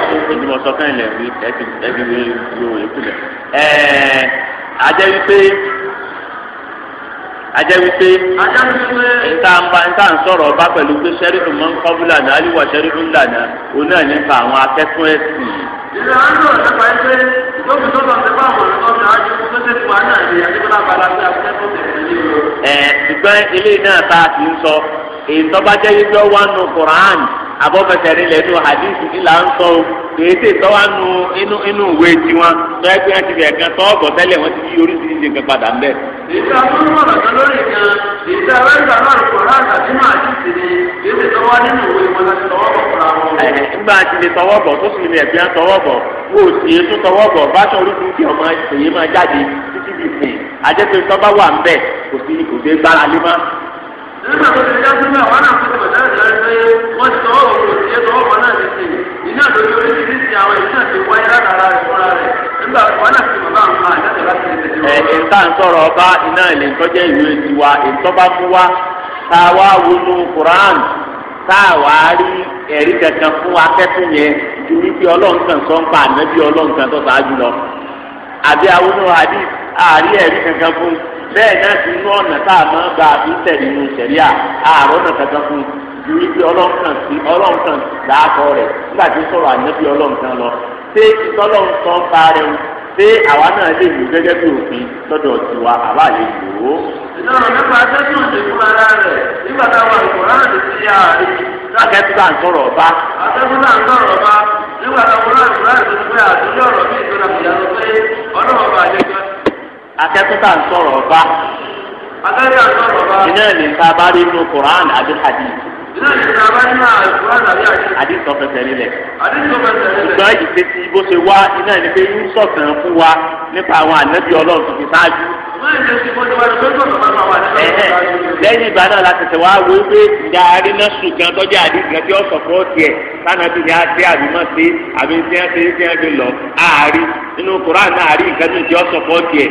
ajẹ́ wípé nta nba nta nsọ̀rọ̀ bá pẹ̀lú pé sẹ́ríkù mọ́ nkọ́bí lànà aliwa sẹ́ríkù lànà òun náà nípa àwọn akẹ́kọ̀ọ́ ẹ̀sìn. ìlànà àjọ ìjọba ẹgbẹ́ ìgbókùn tó lọ sí báwọn ọ̀sán àjọ tó tẹ̀sí wa náà ní àdébọ́lá balá sí akẹ́kọ̀ọ́ tẹ̀sí ẹ̀ ṣùgbọ́n ilé náà tá a ti ń sọ èyí tó bá jẹ́ Kùránì abọ́fẹsẹ̀rin lẹ́nu hadithi ńlá ń sọ o kèétè tọ́wá nu inú inú ìwé tiwọn tó ẹgbẹ́ ti fi ẹ̀kan tọ́ ọ̀gọ̀ tẹ́lẹ̀ wọn ti fi oríṣiríṣi nǹkan padà ń ìṣe lórí kan ìṣe kèétè nínú ìwé láti tọwọ́ bọ̀ fúnra wọn. tọwọ́ bọ̀ tó sì ní nígbà tó ti dájú náà wọn náà fún ìbàdàn ìlọrin pé wọn ti tọwọ́ òkú ti yẹ tọwọ́ kan ìta ń sọ̀rọ̀ ọba iná ilé ìtọ́jẹ́ ìwé tiwa ìtọ́ba wa tá a wá wọnú Quran tá a wá rí ẹ̀rí kankan fún akẹ́kọ̀ọ́ yẹn ju wípé ọlọ́nkan sọ́ńpà ànábì tó lọ àbí àdí àárí ẹ̀rí kankan fún bẹ́ẹ̀ náà ti inú ọ̀nà tá a máa gba àbíntẹ̀ nínú sẹ̀ríà àárọ̀ náà kankan fún ju ibi ọlọ́nkàn sí ọlọ́nkàn dáàbọ̀ rẹ̀ nígbà tí sọ̀rọ̀ ànábì ọlọ́nkàn lọ ṣé ìtọ́lọ́run tán bá rẹ̀ ń ṣé àwa náà lè lò gẹ́gẹ́ bí òfin lọ́dọ̀ tiwa àwa lè lò ó. ìdáhùn nípa tẹ́sán ti fún ara rẹ̀ nígbà táwọn ìkọ̀rán ti ti fi àárín akẹ́kọ̀ọ́ tá à ń sọ̀rọ̀ ọba. akẹ́kọ̀ọ́ tá Quran àbí ìlànà ìlànà bá nínú àlùkùrá nàbí àdìsí. àdìsí ọ̀fẹ́sẹ̀ nílẹ̀. àdìsí ọ̀fẹ́sẹ̀ nílẹ̀. ṣùgbọ́n ìṣesí bó ṣe wá iná ni pé ń sọ̀tàn fún wa nípa àwọn ànábì ọlọ́run tó fi ṣáájú. lẹ́yìn ìgbà náà láti tẹ̀ wá wo pé ìdá aríná ṣùgbọ́n tọ́jú àdìsí kan tí ó sọ fún ọ̀tì ẹ̀ sànàbí ni a ṣe àbí mọ́ ṣe àbí tí wọ́n ṣe tí wọ́n fi lọ àárí nínú kùrán náà àárí nǹkan tó ń jẹ́ ọ̀sọ̀ fún ọ̀tì ẹ̀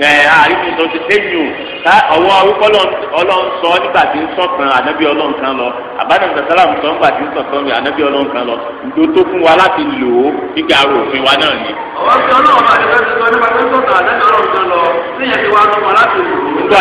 ẹ àríwí tó ti sẹ́yìn o ọwọ́ arúgbó ọlọ́run nígbà tí ń sọ̀kan ànábì ọlọ́run lọ àbádàn sàlám sọ nígbà tí ń sọ̀kan ànábì ọlọ́run lọ ǹdó tó fún wa láti lò ó nígbà àrò òfin wa náà ni. ọwọ́ tí ọlọ́run bá ti fẹ́ nípa tó sọ̀kan ànábì ọlọ́run kan lọ níyẹn ti wá tó wọn láti lò ó. nígbà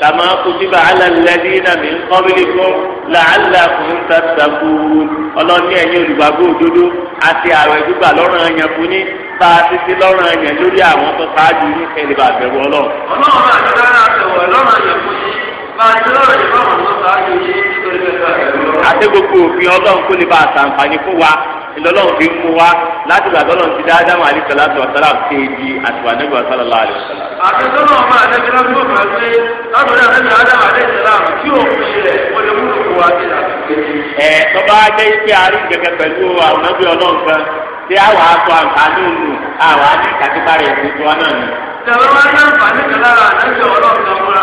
kàmá kutiba ala alladhina min qablikum la'allakum tattaqun ọlọ́ni ẹ̀yin olùgbàgbọ́ òdodo àti ààrẹ gbígbà lọ́rùn ẹ̀yàn fún yín tá a ti ti lọ́rùn ẹ̀yàn lórí àwọn tó ṣáájú ní kẹlẹ́bà bẹ̀rù ọlọ́run. ọlọ́run àti rárá àtẹ̀wọ̀ lọ́rùn ẹ̀yàn fún yín bá a ti lọ́rùn ẹ̀yàn fún àwọn tó ṣáájú yín nítorí bẹ̀rù ọlọ́run. àti gbogbo òfin ọlọ́run kó lè bá a ṣàǹfààní fún wa ìlọ́lọ́run fi mú wa láti gbà tọ́lọ̀ ti dá Ádámù àlè sọlá tó ọ̀sálà ṣe di àtìwà nígbà sọlá lọ́wọ́ àlè sọlá. àtẹ̀sọ́nà ọmọ àlejò náà tó fà ṣe látọ̀dọ̀ àlejò Ádámù àlè sọlá tí òun fi rẹ̀ wọlé múlò fún wa sí ẹ tọ́ba jẹ́ ipe àárín gẹ́gẹ́ pẹ̀lú àwọn ẹgbẹ́ ọlọ́run kan tí àwọn aṣọ àǹfààní òòlù àwọn àní kàtíkárì ẹ̀sìn tiwa náà ni. ìjọba wa ní àǹfààní kan lára àdájọ́ ọlọ́run kan fúnra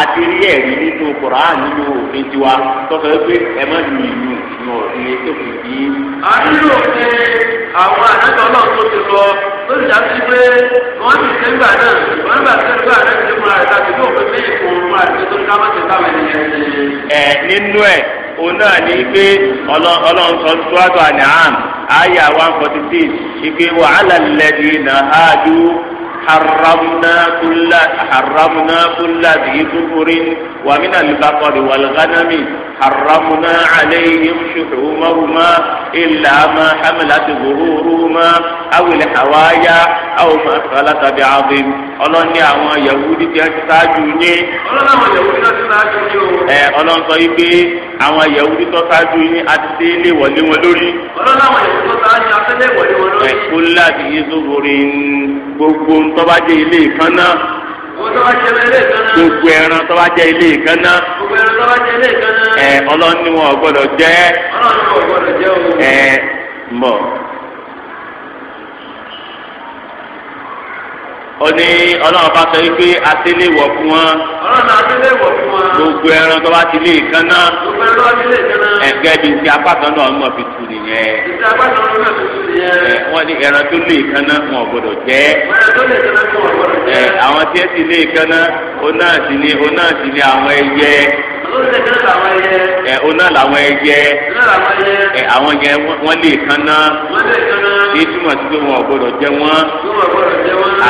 àti rí ẹ̀rí nínú Kùránì nínú òfin tiwa tọ́sọ̀ pé ẹ má lu ìlú ìlú ìlú tó fi yí. a ní òfin àwọn àdájọ́ náà tó ti lọ tó ti dàbí pé wọ́n ti ṣe náà wọ́n tó náà ti tó fi un tó táwọn ènìyàn ṣe. ẹ nínú ẹ one forty six náà حرمنا كل حرمنا كل ذي ظفر ومن البقر والغنم حرمنا عليهم شحومهما إلا ما حملت ظهورهما أو الحوايا أو ما اختلط بعظم ọlọ́ni àwọn yahudi ti ti ṣáájú yín. ọlọ́ni àwọn yahudi náà ti ṣáájú yín o. ẹ ọlọ́run sọ yìí pé àwọn yahudi tó ṣáájú yín a ti dé ilé ìwọlé wọn lórí. ọlọ́ni àwọn yahudi tó ṣáájú yín a ti dé ilé ìwọlé wọn lórí. ẹ kó láti yé sóbori gbogbo ń tọ́ba jẹ́ ilé kan náà gbogbo ẹran tọ́ba jẹ́ ilé kan náà ẹ ọlọ́ni wọn gbọ́dọ̀ jẹ́ ẹ mbọ. oní bá sọ wípé fún wọn. gbogbo ẹran tó bá ti lé náà. gbogbo ẹran tó bá ti lé náà. bíi ti apákan náà ń mọ̀ fi tu nìyẹn. ti apákan náà ń mọ̀ fi tu nìyẹn. wọ́n ní ẹran tó lé nǹkan náà wọn ò gbọdọ̀ tí ẹ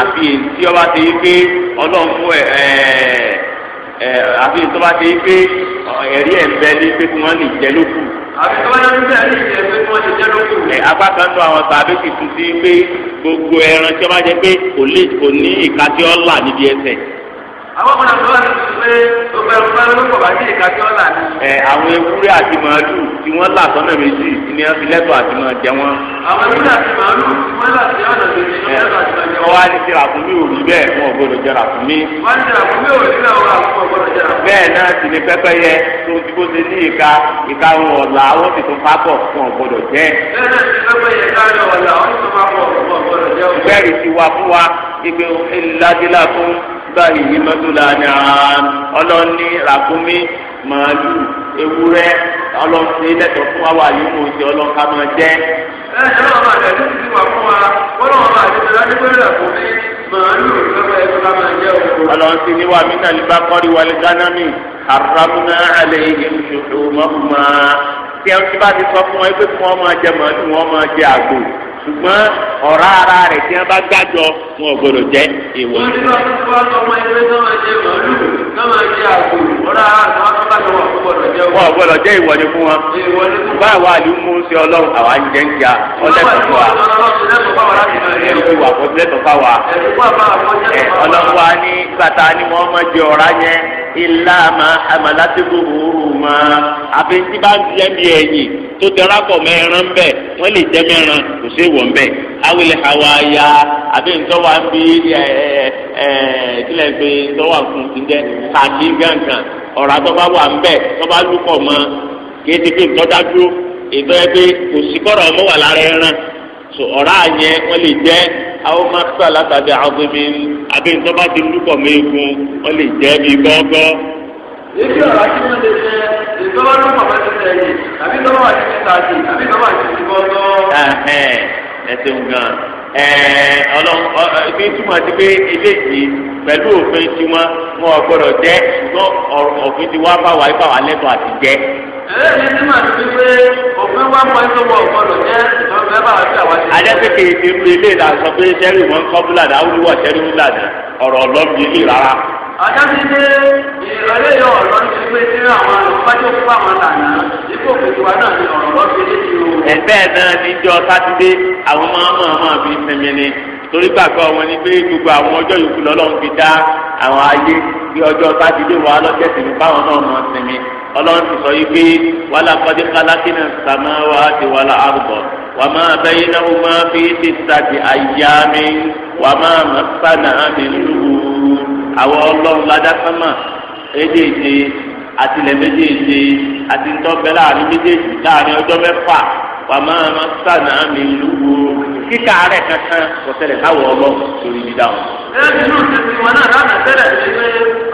àfi tí ọba ti yí pé ọlọ́run fún ẹ ẹ àfi tí ọba ti yí pé ẹ̀rí ẹ̀ ń bẹ ní pé kí wọ́n lè jẹ lókù. àfi tí ọba ti yí pé kí wọ́n lè jẹ lókù. ẹ apá kan tó àwọn sàbẹ̀ sì tún sí pé gbogbo ẹran tí ọba jẹ pé kò ní ìka tí ọ là níbi ẹsẹ̀ àwọn ọmọ náà lọ́wọ́ pé ọgbẹ́ ọgbẹ́ olóko bá sí ìka tí wọ́n là ní. ẹ àwọn ewúrẹ́ àti màálù tí wọ́n là sọ́nà méjì ni wọ́n fi lẹ́tọ̀ọ́ àti máa jẹ wọ́n. àwọn ewúrẹ́ àti màálù tí wọ́n là sí ọ̀nà méjì ni wọ́n lẹ́tọ̀ọ́ àti máa jẹ wọ́n. wọ́n á ní ti ràkúnmí òrí bẹ́ẹ̀ fún ọgbọ́dọ̀ jẹ ràkúnmí. wọ́n ti ràkúnmí òrí náà wọ́n ọgbọ́dọ̀ jẹ ràkúnmí. bẹ́ẹ̀ náà sì ni pẹ́pẹ́yẹ tó ti bó ṣe ní ìka ìka ń ọ̀la wọ́n ti tún pápọ̀ fún ọgbọ́dọ̀ jẹ. bẹ́ẹ̀ náà ti pẹ́pẹ́yẹ káyọ̀ ọ̀la ti tún pápọ̀ fún ọgbọ́dọ̀ jẹ. bẹ́ẹ̀ báyìí yìí mọ́tòlá ni àán ọlọ́ni ràkúnmí màálù ewúrẹ́ ọlọ́sìn lẹ́tọ̀ọ́ fún wa yìí mò ń ṣe ọlọ́ka máa jẹ́. ẹ ẹ lọ́wọ́ máa tẹ̀lé ti wà fún wa wọ́n lọ́wọ́ máa tẹ̀lé ládùúgbò ràkúnmí màálù ìfẹ́ ẹ̀ka máa jẹ́ òkú. ọlọ́sìn ni wà mí náà lè bá kọ́rí wọlé gánàmì àràmúná àlẹ́ ìyẹn ṣoṣo mọ́kùnmá tí ẹ ti bá ti sọ fún wọn ṣùgbọ́n ọ̀rá ara rẹ̀ tí wọ́n bá gbàjọ wọn ò gbọdọ̀ jẹ́ ìwọ. wọ́n ní wọ́n ti fọ́ ọmọ ẹgbẹ́ tó máa jẹ màálù tó máa jẹ àgbò ọ̀rá ara wọn tó bá jọ wọn gbọdọ̀ jẹ wọn. wọn gbọdọ̀ jẹ́ ìwọ ni fún wọn. ìwọ ni fún wọn. báwo àlù mú sí ọlọ́run àwa ń jẹ́ ń jà ọlẹ́tọ̀ fún wa. ọlọ́run wa ní bàtà ni wọ́n máa jẹ ọ̀rá yẹn ilá máa amalati gbogbo ma àfi tí bá ń tiẹ̀ bí ẹ̀yìn tó tẹ̀ra pọ̀ bẹ́ẹ̀ wọ́n lè jẹ́ mẹ́ran kò sí wọ̀n bẹ́ẹ̀ awele hawa ya àbí ntọ́wà ń bí ẹ ẹ ntọ́wà fún ti jẹ́ ọ̀rọ̀ àtọ́fà wà ń bẹ́ẹ̀ tọ́ba mọ́ kéde pé ẹ ndị kò sí kọ́rọ̀ ọmọ wà lára ẹran ọ̀rọ̀ àyẹ wọ́n lè jẹ́ àwọn máa látàbí àwọn mi àbí ìtọ́ba ti lúkọ̀ mọ́ egun wọ́n lè jẹ́ bí gbọ́ngbọ́. èyí ọ̀rọ̀ tí wọ́n lè ṣe ìtọ́ba lúkọ̀ tàbí àbí tọ́ba wà ní gbọ́ngbọ́. ẹ ṣeun gan ọlọ́run túmọ̀ sí pé eléyìí pẹ̀lú òfin tiwọn wọn jẹ́ ṣùgbọ́n òfin ẹlẹ́yìn tí màá fi pé òfin wá pọ̀ tó wọ ọ̀gbọ́dọ̀ jẹ́ ìtọ́jú ẹ̀bà àti àwọn àti. adẹ́sẹ̀kẹ̀ irú ilé la sọ pé sẹ́rí wọn kọ́ búlàdà awúlúwọ̀ sẹ́rí búlàdà ọ̀rọ̀ ọlọ́ọ̀bì ilé rárá. adẹ́sẹ̀ pé ìrọ̀lẹ́ yọ ọ̀rọ̀ ní pé tí àwọn olùpájọ́ fún àwọn làná ipò kòtùwà náà ni ọ̀rọ̀ ọlọ́ọ̀bì ilé ti o. ẹ̀fẹ́ náà níjọ́ sátidé àwọn máa máa máa fi sẹ́mi ni torí gbàgbọ́ wọn ni pé gbogbo àwọn ọjọ́ yòókù lọ́lọ́run fi dá àwọn ayé bí ọjọ́ sátidé wà lọ́jọ́ ìsinmi báwọn náà mọ̀ sinmi ọlọ́run ti sọ yìí pé wàlá kọ́dí kálákínà sàmá wa ti wàlá àrùbọ̀ wà má bẹ́yìn náà wọ́n máa fi ti sàtì àyà mi wà má má sànà mi lù àwọn ọlọ́run ládàkámà éjèèjì àtìlẹ̀ méjèèjì àti ntọ́bẹ̀ láàrin méjèèjì láàrin ọjọ́ mẹ́fà wà má má sànà mi lù kíkà rẹ̀ kankan kọtẹlẹ tẹ̀lé ọgbọ ọlọ́ lórí dídá o. ẹ nínú ìsinmi wọn náà lánàá tẹ́lẹ̀ sí pé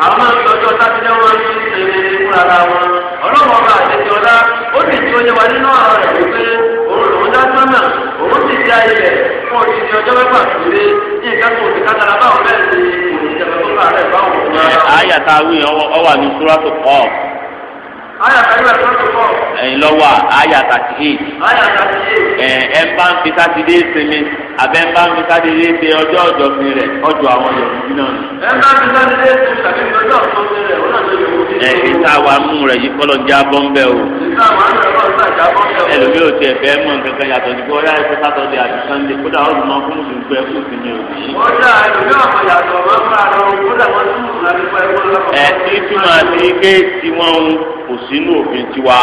àwọn sátidé wọn ń ṣe wọn ọlọ́wọ́n bá ọlá ó sì ti oye wa nínú ọ̀rọ̀ rẹ̀ òun lòún dá sọ́nà òun sì fún òṣìṣẹ́ ọjọ́ mẹ́fà ní ìkẹ́kọ̀ọ́ òsì kátàlá báwọn bẹ́ẹ̀ ni òṣìṣẹ́ mẹ́fà rẹ̀ báwọn. ẹyin lọ́wọ́ àyà thirty eight ẹ ẹ bá ń fi sátidé sinmi àbẹ ń bá ń fi sátidé ṣe ọjọ́ ọ̀jọ̀ mi rẹ̀ ọjọ́ àwọn yòówù náà ni. ẹ bá ń fi sátidé sinmi tàbí ọjọ́ ọ̀jọ̀ mi rẹ̀ ọ̀nà tó yòówù ní. ẹ ìta wa mú rẹ yìí kọ́ ló ń já bọ́ ń bẹ́ o. ìta wa mú rẹ kọ́ ló ń já bọ́ ń bẹ́ o. ẹlòmíì ò tiẹ̀ fẹ́ mọ̀ nǹkan kan yàtọ̀ ní kó yára ẹ̀kọ́ àti sànńdé kódà ọ̀rùn máa fún kò sínú òfin tiwa.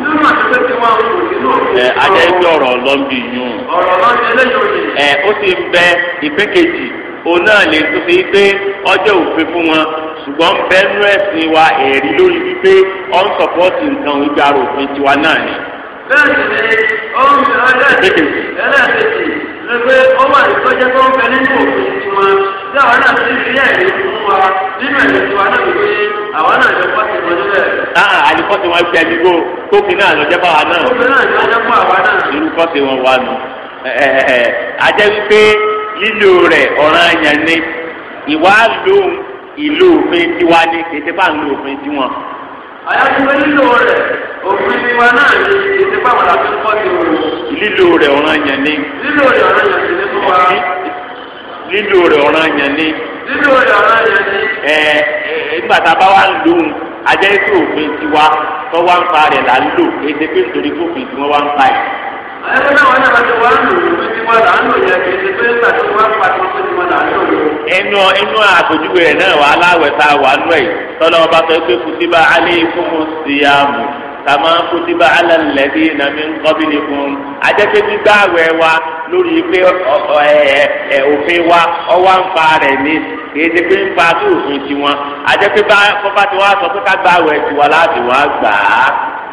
nínú àtúntò tí wọn kò sínú òfin. ẹ adé ń gbé ọ̀rọ̀ lọ́ńbì yún. ọ̀rọ̀ lọ́ńbì eléyìí òye. ẹ ó sì ń bẹ ìpẹ́kẹ̀jì òun náà lè tó fi pé ọjọ́ òfin fún wọn ṣùgbọ́n bẹ́ẹ̀nú ẹ̀sìn wa ẹ̀rí lórí wípé ọ̀n sọ̀pọ̀tì nǹkan ìgbàrò òfin tiwa náà ni. bẹ́ẹ̀ ni ọ̀hún ọjọ́ tí àwọn náà ti fi ẹ̀rí fún wa nínú ẹ̀rí fún wa náà wí pé àwọn náà jọ pọ̀ sí wọn nílẹ̀. Ah, náà àlùkọ́ tí wọ́n gbẹ mí gbó kófì náà lọ jẹ́ báwa náà. kófì náà lọ jẹ́ báwa náà. irú kọ́ sí wọn wà nù. àjẹ́ eh, eh, eh, wípé lílo rẹ̀ ọ̀ràn àyàn ni ìwà lóhùn ìlú òfin tiwa ni kété bá ń lo òfin tiwọn. àyàtúwé lílo rẹ̀ òfin tiwa náà ni kété báwọn làbí kọ́ sí wọn. lílo rẹ̀ ọ̀ràn àyàn ni. lílo rẹ̀ ọ̀ràn àyàn ni fún wa. lílo rẹ̀ ọ̀ràn yẹn ni. lílo rẹ̀ ọ̀ràn yẹn ni. ẹ ẹ nígbà tá a bá wà ń ajẹ́ ètò òfin tiwa tó wá ń pa rẹ̀ là ń lò ètò pé nítorí kófin tí wọ́n wá ń pa ẹ̀. ẹgbẹ́ náà wọ́n náà wá ń lò òfin tí wọ́n là ń lò yẹn kì í ṣe pé nígbà tí wọ́n pa tí wọ́n ti wọ́n là ń lò yẹn. ẹnu ẹnu àpèjúwe náà wà a wà nù ẹ̀ tọ́lọ́mọba tó gbé alẹ́ síyàmù kàmá kutiba ala alladhina min qablikum àjẹsẹ́ gbígbà àwẹ̀ wa lórí pé òfin wa ọwọ́ àǹfà rẹ̀ ní kìí ṣe pé ń pa sí òfin tiwọn àjẹsẹ́ bá kọ́ba ti wá sọ ká gbà àwẹ̀ tiwa láti wá gbà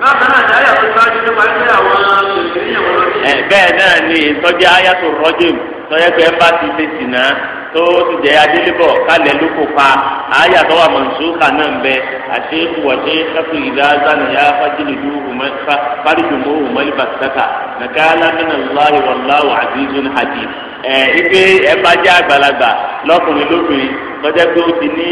bákan náà dáyà tó ṣáájú nípa ilé àwọn kìrìkìrì yẹn wọn lọ sí. bẹ́ẹ̀ náà ni ìtọ́jú ayáto rọ́jòm tọ́jú pé bá ti ṣe sì náà tó ti jẹ́ adélébọ̀ kálẹ̀ ló kó pa ayé àtọ́wà mọ̀nsúkà náà ń bẹ àti wọ̀ṣẹ́ kátó ìdá zanìyá fájìlìdú fárídùmọ́ òmọ́lì nàkàlà mìíràn láyé wàláwà àdìsún hadith. ẹ ibi ẹba jẹ àgbàlagbà lọkùnrin lóbìnrin tọjá pé ó ti ní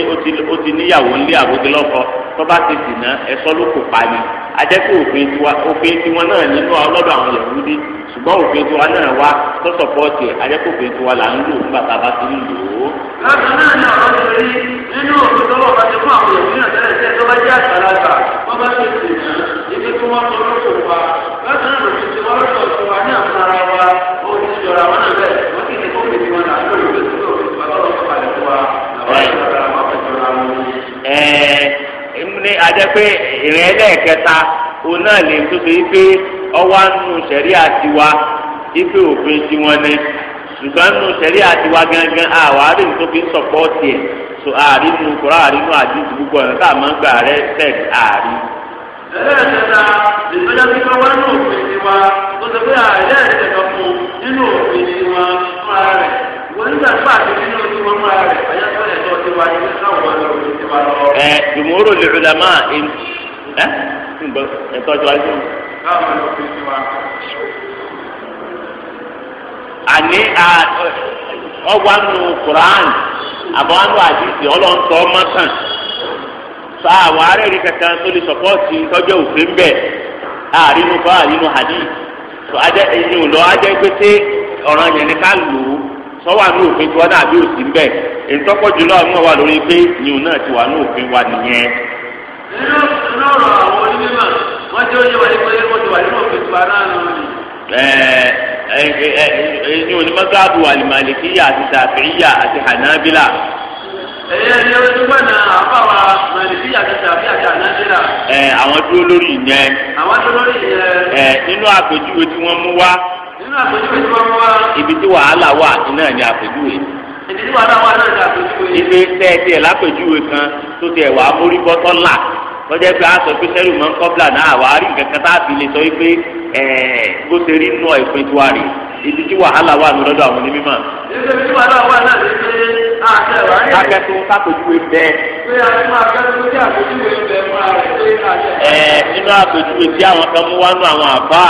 ó ti níyàwó ńlé àbójú lọkọ tọba ti dìnnà ẹsọ ló kò pa ni ajẹ́pẹ́ òfin tiwa òfin tiwọn náà nínú ọlọ́dọ̀ àwọn Yahudi ṣùgbọ́n òfin tiwa náà wá tó òfin tiwa là ń lò tá a bá ti ń lò ó. láti náà ọ̀rọ̀ ti rí nínú òfin tó wọ́n ajẹ́ pé ìrìn ẹlẹ́ẹ̀kẹta òun náà lè tó ṣe pé ọwọ́ nù sẹ̀rí àtiwá ipe òfin tiwọn ni ṣùgbọ́n nù sẹ̀rí àtiwá gangan àwárí tó fi ń sọ̀pọ́ọ̀tì ẹ̀ so àárín nù kúrò àárín nù àdìsí gbogbo ọ̀nà tá a máa ń gbà rẹ tẹ̀k àárín. ẹlẹ́ẹ̀kẹta ìgbẹ́jọ́ bí wọ́n wá nù òfin tiwa ó sọ pé àìlẹ́ẹ̀kẹta fún nínú òfin tiwa fúnra rẹ̀. ẹ jùmọ̀rò lè rúlẹ̀ máa a ẹ ẹ tọ́jú ayé mi. àní ọwọ́ nù Quran àbọ̀ nù àdìsí ọlọ́ntọ́ mọ́tàn tó lè sọ̀pọ́ọ̀tì lọ yẹn ni ká lò sọ́wọ́ àánú òfin tiwa náà bí òsì ń bẹ̀ ètòpọ̀ jùlọ àwọn wà lórí pé yìí náà ti wà ní òfin wa nìyẹn. nínú nínú ọ̀rọ̀ àwọn onímọ̀ wọ́n ti ó yẹ wà pé wọ́n ti wà nínú òfin tiwa náà nù. ẹ̀yin àti àti ni o àti àti àwọn dúró lórí àwọn dúró lórí ìyẹn. àpèjúwe tí wọ́n nínú àpèjúwe tí wọ́n wá. ibi tí wàhálà wà iná ni àpèjúwe. ibi tí wàhálà wà náà ni àpèjúwe. ibi tẹ́ ẹ tiẹ̀ lápèjúwe kan tó tiẹ̀ wà á mórí bọ́tọ́ là tọ́jà pé a sọ pé sẹ́rù mọ́ kọ́bla náà wà á rí nǹkan kan tá a fi lè sọ pé bó ṣe rí nù ẹ̀pin tiwa rè ibi tí wàhálà wà nù lọ́dọ̀ àwọn onímọ̀. ibi tí wàhálà wà náà lè ṣe àṣẹ wà ní. akẹ́tù kápẹ́júwe bẹ́ẹ̀. pé a ti máa kẹ́tù tí àpèjúwe bẹ́ẹ̀ máa rẹ̀ pé àṣẹ. ẹ nínú àpèjúwe tí àwọn kan mú wá nù àwọn àbá.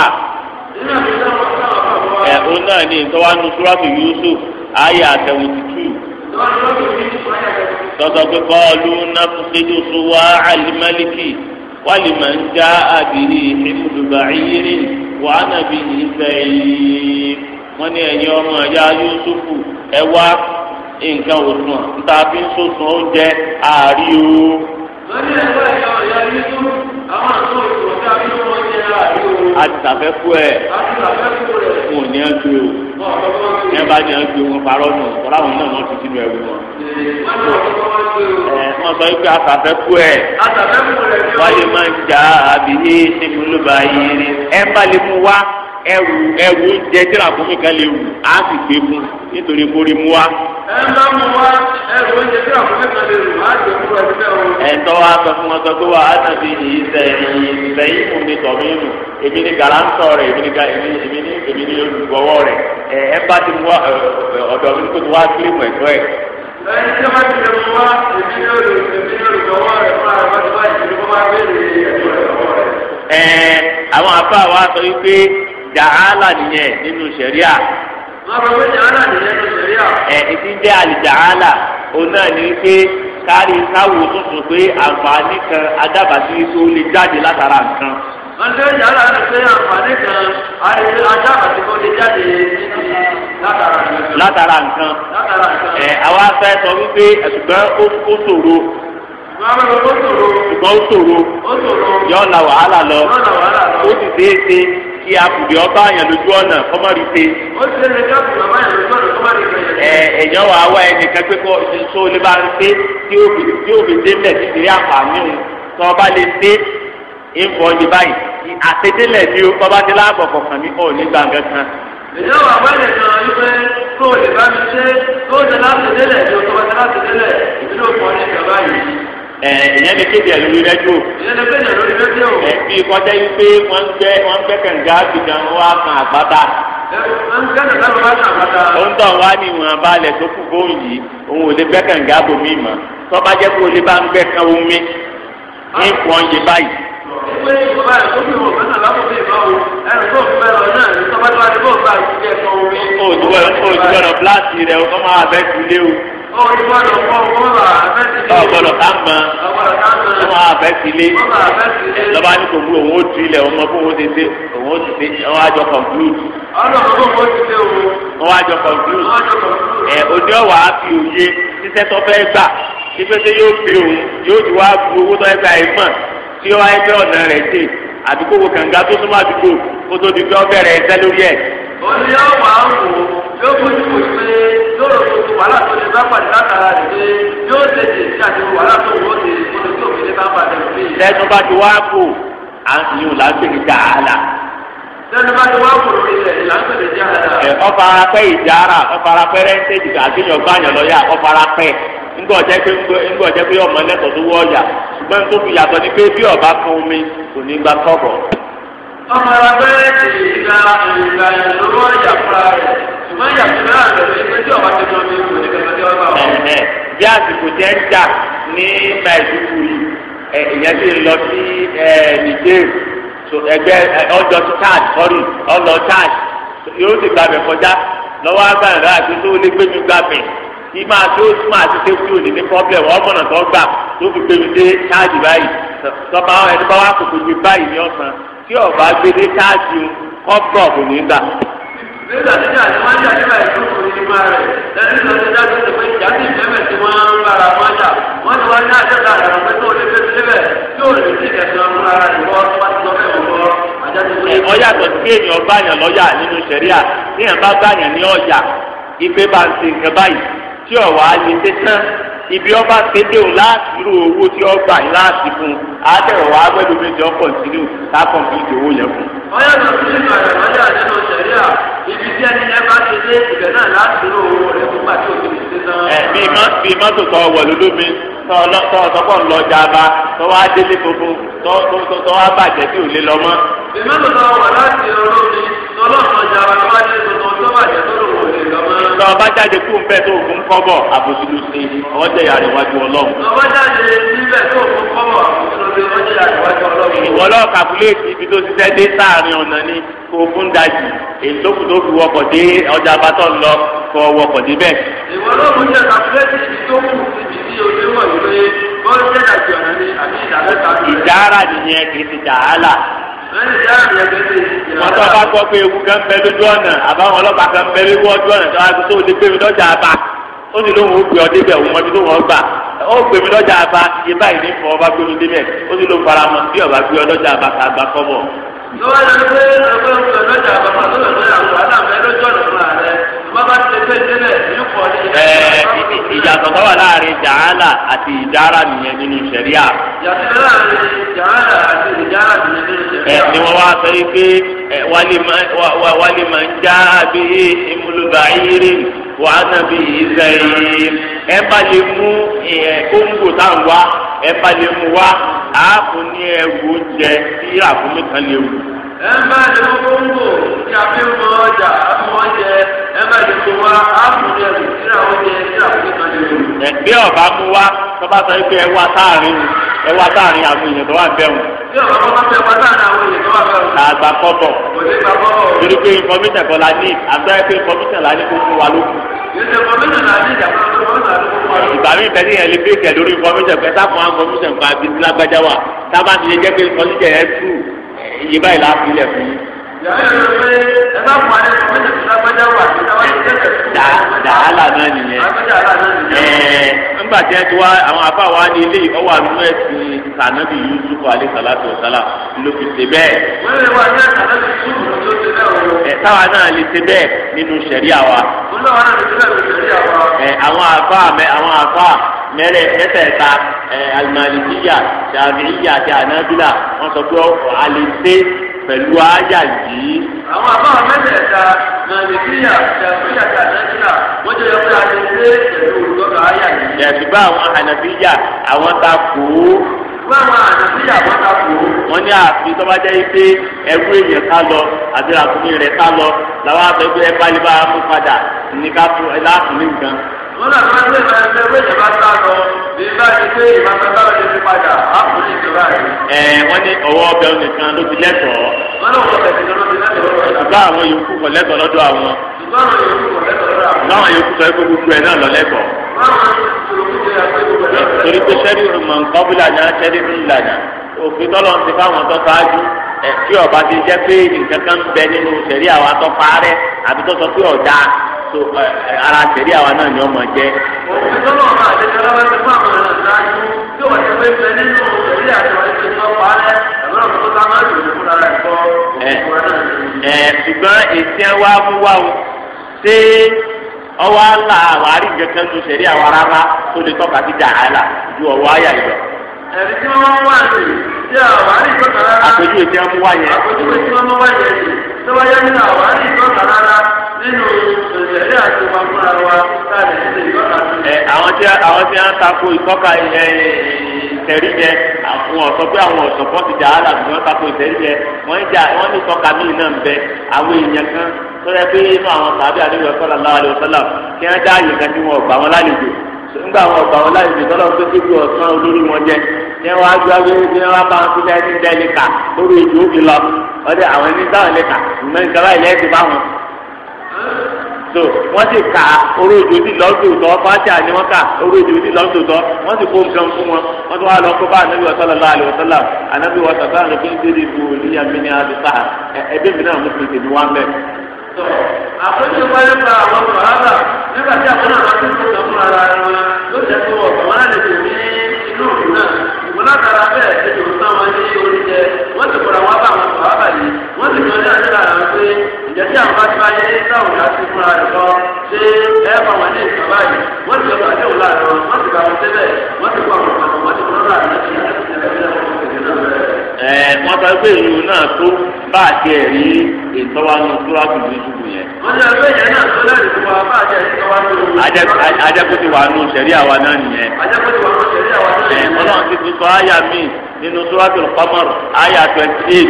nínú àpèjúwe àwọn kan ẹ̀ náà ní ìtọ́wá Yusuf àyà seventy two tọ́tọ́ pé bọ́ọ̀lù nàfùsẹ́jọ́ sọ wá àlìmálìkì wàlì máa ń já àbìrí ìmùdùbà ìyírí wàá nàbí ìfẹ̀yìn wọ́n ní ẹ̀yin ọmọ ẹ̀yà Yusufu ẹ wá nǹkan òsùn níta fi ń Yusuf àwọn àtúntò wọn ò ní ẹgbẹ o ẹ bá ní ẹgbẹ wọn parọ́ nù tọ́lá wọn náà wọ́n ti sínú ẹ̀wù wọn. ẹ wọ́n sọ pé àtàfẹ́ kú ẹ̀ wáyé máa ń jà àbí ní ìsìnkú ló bá yé ẹ bá lè mú wá. ẹwù ẹwù jẹ tíra fún mi kan lè wù á sì gbé fún nítorí mú wa. ẹ ń bá mu wá ẹwù jẹ tíra fún mi kan lè wù á sì gbé fún ẹgbẹ́ wọn. ẹ̀tọ́ wa sọ fún wọn sọ pé wà á ìyí fún mi tọ̀ mí nù èmi ti mú ọdọ mi kó wá ẹni tí ti lè mú èmi àlìjàhálà nìyẹn nínú sẹ̀ríà. wọ́n sọ pé jàhálà nìyẹn nínú sẹ̀ríà. ẹ̀ ìdí jẹ́ àlìjàhálà òun náà ní pé kárí káwo tuntun pé àǹfààní kan adábàtí tó lè jáde látara nǹkan. wọ́n sọ pé jàhálà ní pé àǹfààní kan adábàtí tó lè jáde látara nǹkan. látara nǹkan. ẹ̀ àwa fẹ́ sọ wípé ẹ̀sùgbọ́n ó ṣòro ṣùgbọ́n ó ṣòro yọ la wàhálà lọ ó sì ṣeé ṣe kí abùdí ọba àyàn lójú ọ̀nà kọ́mọ́ rí pé. ó ti lè ká bùdí ọba àyàn lójú ọ̀nà kọ́mọ́ rí pé. ẹ ẹ̀yàn wà á wá ẹnì kan pé kó so lè bá ń pé tí ó fi tí ó fi dé mẹ́ ti rí àǹfààní òun tó ọba lè dé ìfọ̀ ní báyìí àtẹ̀délẹ̀ ni ó tọ́ba ti láàbọ̀ kọ̀ọ̀kan ní ọ̀ ní gbàngàn kan. ẹ̀yàn wà á wá ẹnì kan yí pé kó o lè bá mi ṣe ìyẹn ní kéde ẹ̀lú rédíò. ìyẹn ní kéde ẹ̀lú rédíò. ẹbí kọjá yìí pé wọ́n ń gbẹ́ wọ́n ń gbẹ́ kànga àbíkan wá kan àgbàdá. ó ń tọ̀ wá ní ìwọ̀n balẹ̀ tó kù bóun yìí òun ò lè gbẹ́ kànga bomi mọ́ tọ́ba jẹ́ kó o lè bá ń gbẹ́ kan omi ní ìfọ̀n yìí báyìí. ìwé ìjọba ẹ̀ tó fi wọ̀ fẹ́ òdùgbọ́dọ̀ bíláàsì rẹ̀ ọkọ̀ máa bẹ́ẹ̀ kulé o ọgbọdọ ká mọ ọmọ abẹ ti lé lọba ní kò gbúrò òun ó tu ilẹ̀ ọmọ kó òun ti dé òun ó ti dé wọn á jọ conclude. wọn á ẹ òní ọwà á òye ṣiṣẹ́ tó fẹ́ gbà ṣípẹ́sẹ́ yóò fi òun yóò ti wá bu owó tó ẹgbẹ́ àyè mọ̀ tí ó wáyé fẹ́ ọ̀nà rẹ̀ dé àdúgbò wo kànga tó súnmọ́ àdúgbò kó tó di pé ọ bẹ̀rẹ̀ ẹ̀ṣẹ́ lórí ẹ̀. òní ọwà á wò yóò fojú wò yóò rò wàhálà tó ṣe sábà ní látara rẹ̀ pé yóò tètè sí àti wàhálà tó wọ́n ti kótó tí òfin ní sábà tẹ̀lé mi. lẹ́nu bá ti wá kù lẹ́nu bá ti wá kù ìjára rẹ́ńtẹ́jì lọ́yà jẹ́ pé jẹ́ pé ọmọ tó ṣùgbọ́n tó fi yàtọ̀ ọmọ abẹ́rẹ́ ti ìgbà ìgbà ìlú wọn yàgbà rẹ̀ ṣùgbọ́n yàgbà náà lọ́wọ́ ẹgbẹ́ tí ọba ti tán ní ìlú ní kẹfẹ́ tí wọ́n bá wọn. bí àsìkò jẹ́ ń jà ní Maiduguri ìyẹn ti lọ sí Niger ẹgbẹ́ ọjọ́ chad sọ́rí ọlọ chad yóò ti gbàgbẹ́ kọjá lọ́wọ́ agbára àti tó lé gbẹ́mí gbàgbẹ́ kí máa tó súnmọ́ àti tẹ́kù yóò ní ní pọ́blẹ̀mù ọmọnà tó gbà tó fi gbẹ́mí dé chad báyìí tọ́ba ẹni bá wà kókò ju báyìí ní ọ̀sán kí ọba gbélé káàdì kọ́pọ̀ kò gbà. nígbà tí àti wọn jà nígbà ìdókòwò ní ìgbà rẹ lẹ́nu lọ sí dájú ti pé ìjà sí ìfẹ́mẹ̀ tí wọ́n ń bára wọn wọ́n ti wá ní àjọta àdàrà pé tó lè fẹ́ẹ́ síbẹ̀ tí ò lè sí ìkẹsàn ọmọ ara ìwọ wá ti lọ fẹ́ ọ̀gbọ́ ọyà tó ti kéèyàn báyàn lọ́yà nínú sẹ̀ríà kéèyàn bá báyàn ní ọ̀yà ìgbé bá ń ṣe nǹkan báyìí tí ọ̀wá lè ṣe tán ibi ọba ṣẹdẹ o láti irú owó tí ọgbà yìí láti fún un àtẹ̀rọ̀ wá gbẹ́dọ̀ méjì ọkọ̀ sínú lákàn fi ìdòwò yẹn fún. ọyọ́ mi ò sí ìgbà rẹ̀ lọ́yà nínú sẹ̀ríà ibi tí ẹni ẹ bá ṣe dé ibẹ̀ náà láti irú owó rẹ̀ fún pàtó òfin ìṣẹ́ná. ẹ bí mọ́tò tọ wọ̀ lólómi tọ́kọ̀ ń lọ jaba tọ́ wá délé funfun tọ́ wá bàjẹ́ tí ò lé lọ mọ́. bí mọ́tò tọ wọ̀ láti irú olómi tọ́lọ́ lọ ọba jáde kú nbẹ tó ògùn kọ́bọ̀ àbòsí ló ṣe ọwọjẹ ìyá rẹ wájú Ọlọ́run. jáde níbẹ̀ tó ògùn kọ́bọ̀ àbòsí ló ṣe ọwọjẹ ìyá rẹ wájú ìwọ lọ kàkúlẹ̀tì ibi tó ṣiṣẹ́ dé sáàrin ọ̀nà ni kò fún dajì èyí tó fi wọkọ̀ dé ọjà abatọ̀ lọ kọ wọkọ̀ dé ìwọ lọ mú jẹ kàkúlẹ̀tì ibi tó kù ibi tí o ṣe wọ̀ ìwé bọ́ọ̀ṣẹ́ dajì wọ́n tó bá pé ewu kan bẹ lójú ọ̀nà àbáwọn ọlọ́pàá kan bẹ lójú ọjọ́ tó wá tó lè gbé mi lọ́jà àbá ó sì lóun ó gbé ọ débẹ̀ òun ọbí tó wọ́n gbà ó gbé mi lọ́jà àbá iye báyìí ní fọ ọba gbé mi débẹ̀ ó sì ló fara mọ́ bí ọba gbé ọ lọ́jà àbá ká gba kọ́bọ̀. lọ́wọ́ bàbá ti lè tẹ́lẹ̀ ìlú kọ̀ ní. ẹ eh, ìyàtọ̀ tó wà láàrin jàhálà àti ìdára nìyẹn nínú ṣẹ̀ríà. ìyàtọ̀ láàrin jàhálà àti ìdára nìyẹn nínú ṣẹ̀ríà. ẹ eh, ni wọ́n wá sọ yìí pé eh, wálé máa ń já bí ìmúlùbà irin wà á bí ìzẹ̀yìn. ẹ bá lè mú kóńgò tá wá ẹ bá lè mú wá àá ní ẹrù oúnjẹ tí ìràkúnmí kan lè wù ẹ má lè mú kóńgò kí a fi mọ ọjà àmọ́ ọjẹ ẹ má lè mú wa àmúlẹ̀ rẹ̀ síra ọjẹ síra ọjẹ kan lè rò. ẹgbẹ́ ọ̀bá mú wa tó bá sọ pé ẹ wá táàrin ẹ wá táàrin àwọn èèyàn tó wà bẹ́ẹ̀ wọn. bí ọ̀bá wọn bá fẹ́ wá táàrin àwọn èèyàn tó wà bẹ́ẹ̀ wọn. àgbà kọ́tọ̀ torí pé ìfọ̀mítà kan la ní àgbáyé pé ìfọ̀mítà la ní kókó wa ló kù. ìgbà mi tẹ́lẹ̀ yẹn lè fi ìtẹ̀ lórí ìfọ̀mítà pẹ́ sáfún àwọn ìfọ̀mítà kan àbí lágbájá wa tábà ní ẹjẹ́ pé ìfọ̀mítà yẹn tú ìyè báyìí ilẹ̀ fún yín dàhálà náà nìyẹn ẹẹ eh, nígbà tí ẹ ti wá àwọn afa wa ní ilé ọwọ àdúgbò ẹsìn sànàbì Yusuf alẹ sàlátù ọsàlà ló fi ṣe bẹ́ẹ̀. ẹ eh, táwa náà lè ṣe bẹ́ẹ̀ nínú ṣẹ̀ríà wa. ẹ eh, àwọn afa àwọn afa mẹrẹ mẹ́tẹ̀ẹ̀ta ẹ alimalikiya ṣàbíyà àti anabila wọn sọ pé alẹ pẹ̀lú àyà yìí. àwọn àbáwọ̀ mẹ́tẹ̀ẹ̀ta nàìjíríà nàìjíríà ta nàìjíríà wọ́n jẹ́ ọ̀pẹ́ àti ilé pẹ̀lú olùdókòwò àyà yìí. yàtúbà àwọn ànàbíyà àwọn ta kò ó. wọ́n àwọn ànàbíyà wọ́n ta kò ó. wọ́n ní àfi tọ́bajẹ́ yìí pé ẹrú èèyàn ká lọ àti àkúnmí rẹ̀ ká lọ làwọn àfẹ́gbẹ́ ẹ wọn náà tó ń gbé ìgbà ẹgbẹ́ wọ́n yẹ bá sá lọ bí bá ti gbé ìbátan bá lè fi padà á kò ní ìjọba rẹ̀. ẹ wọ́n ní ọwọ́ ọbẹ̀ nìkan ló ti lẹ́tọ̀ọ́. wọ́n náà wọ́n tẹ̀sí lọ́dọ̀ mi láti lọ́dọ̀ rẹ̀. ṣùgbọ́n àwọn yòókù kò lẹ́tọ̀ọ́ lọ́dọ̀ àwọn. ṣùgbọ́n àwọn yòókù kò lẹ́tọ̀ọ́ lọ́dọ̀ àwọn. ṣùgbọ́n àwọn sọ pé gbogbo ẹ̀ náà lọ lẹ́kọ̀ọ́. torí pé sẹ́rí ìrùmọ̀ nǹkan bí sẹ́rí ń òfin tọ́lọ̀ ti fáwọn tó ṣáájú ẹ̀ tí ọba ti jẹ́ pé nǹkan kan ń bẹ nínú sẹ́rí àwọn atọ́pá rẹ̀ àbí tó sọ pé ọ̀dà so eh, eh, ara tẹ̀lé àwa náà ni ọmọ jẹ́. òṣìṣẹ́ tó náà máa fún àwọn ọ̀rọ̀ eh, náà tí ó pé nínú ti pa tó máa lò ẹ̀kọ́ ṣùgbọ́n o ṣé ọwọ́ àlà àwárí nǹkan tó ṣẹ̀rí ẹ̀rí tí wọ́n wá sí tí àwárí ìtọ́ka rárá. àpèjúwe tí wọ́n mú wá yẹn. àpèjúwe tí wọ́n mú wá yẹn yìí tó bá yẹ nínú àwárí ìtọ́ka rárá nínú ìṣẹ̀lẹ̀ àti ìwàmúra wa káàdì ìṣẹ̀lẹ̀ ìtọ́ka. ẹ àwọn tí àwọn tí wọ́n tako ìtọ́ka ìtẹ̀rí jẹ àwọn ọ̀sọ́ pé àwọn ọ̀sọ́ pọ̀ ti dàhálà ṣùgbọ́n tako ìtẹ̀rí jẹ wọ́n ń jà wọ́n ní tọ́ka míì náà ń bẹ àwọn èèyàn kan tó yẹ pé inú àwọn tàbí àdéhùn ọ̀sọ́lá láwàlẹ̀ ọ̀sọ́lá kí wọ́n dá àyè kan tí wọ́n gbà wọn lálejò nígbà àwọn ọba wọn láì fi tọ́lọ́ pé kíkú ọ̀sán olórí wọn jẹ ní wọn á gbá wí ní wọn á bá wọn sílẹ̀ ní dẹ́líkà lórí ìlú òbí lọ ọdẹ àwọn ẹni táwọn lẹ́ka ìmọ̀ ìjọba ilẹ̀ ti bá wọn. so wọ́n sì ka oró ìjò sí lọ́dún tọ́ fáṣà ni wọ́n kà oró ìjò sí lọ́dún tọ́ wọ́n sì kó nǹkan fún wọn wọ́n tún wá lọ kó bá anabi sallallahu alaihi wasallam anabi wọ́n sọ̀tọ́ àlọ́ tó àkójọ wáyé pa àwọn sọ̀hábà nígbà tí àwọn àwọn akéwì tó fún ara rẹ wọn ló jẹ́ kó ọ̀pọ̀ wọn lè dè ní inú òkú náà ìwọ́n látara bẹ́ẹ̀ ètò ìsá wọn ní oríṣẹ́ wọ́n ti kọ̀ra wọn bá àwọn sọ̀hábà yìí wọ́n ti yan ní àdúrà àwọn pé ìjẹ́ tí àwọn bá ti wáyé táwọn yà ti fúnra rẹ̀ lọ ṣé ẹ bá wọn ní ìjọba yìí wọ́n ti yọ ẹ wọn sọ pé ìlú náà tó bá àti ẹ̀rí ìtọ́wánu túráàbù lóṣùkù yẹn. wọ́n sọ pé ìyẹn náà tó lẹ́rìí fún wa bá àti ẹ̀rí ìtọ́wánu. ajẹ́kùtì wà nù sẹ̀rí àwa náà nìyẹn. ajẹ́kùtì wà nù sẹ̀rí àwa náà nìyẹn. ọlọ́run ti tún sọ àyà mi nínú túráàbù Qamar àyà twenty eight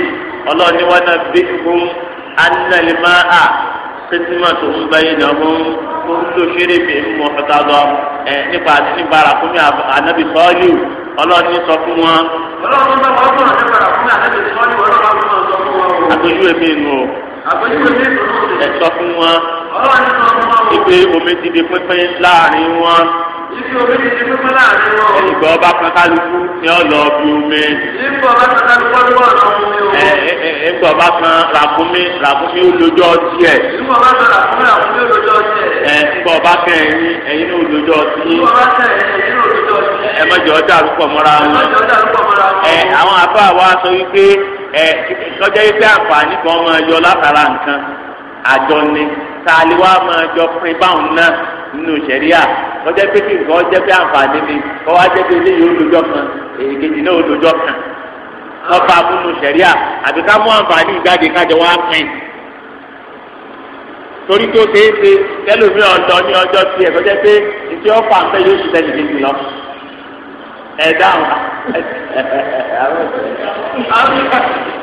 ọlọ́run ni wọ́n náà bí fún anàlímà à sẹ́tìmọ̀ tó ń bẹ́yìn náà fún kó ń ọlọ́run ní sọ fún wọn. ọlọ́run bá wọn fún ọ̀sẹ̀ padà fún àlejò sọ́ọ́lì ọlọ́run àwọn ọ̀sán sọ fún wọn. àpèjúwe mi nù. àpèjúwe mi nù. ẹ sọ fún wọn. ọlọ́run ní sọ fún wọn. ìpè omi ti di pínpín láàrin wọn. ìpè omi ti di pínpín láàrin wọn. ìgbà ọba kan kálukú ni ọ lọ bí omi. ìgbà ọba kan kálukú ni ọ lọ bí omi. ẹ ẹ ẹ ìgbà ọba kan làkúnmí làkúnmí olójó tiẹ̀. ìgbà ọba kan làkúnmí làkúnmí olójó tiẹ̀. ẹ ìgbà ọba kan ẹ̀yin ẹ̀yin olójó tiẹ̀ ẹ mọ̀jọ ọjà àrùkọ mọ́ra wọn ẹ àwọn àbá wa sọ wípé ẹ kọjá wípé àǹfààní kan máa yọ látara nǹkan àjọ ni tààlí wa máa jọ pin báwọn náà nínú sẹ̀ríà kọjá pé kí nǹkan jẹ́ pé àǹfààní mi kọ́ wá jẹ́ pé eléyìí olùjọ́ kan èyí kejì náà olùjọ́ kan lọ́ba múnú sẹ̀ríà àbí ká mú àǹfààní ìjáde kájọ wá pin torí tó ṣeé ṣe tẹlifíọ̀ lọ ní ọjọ́ tiẹ̀ kọjá pé ìṣe ọ̀pá ń bẹ yóò ṣiṣẹ́ nìkejì lọ ẹ dáhùn.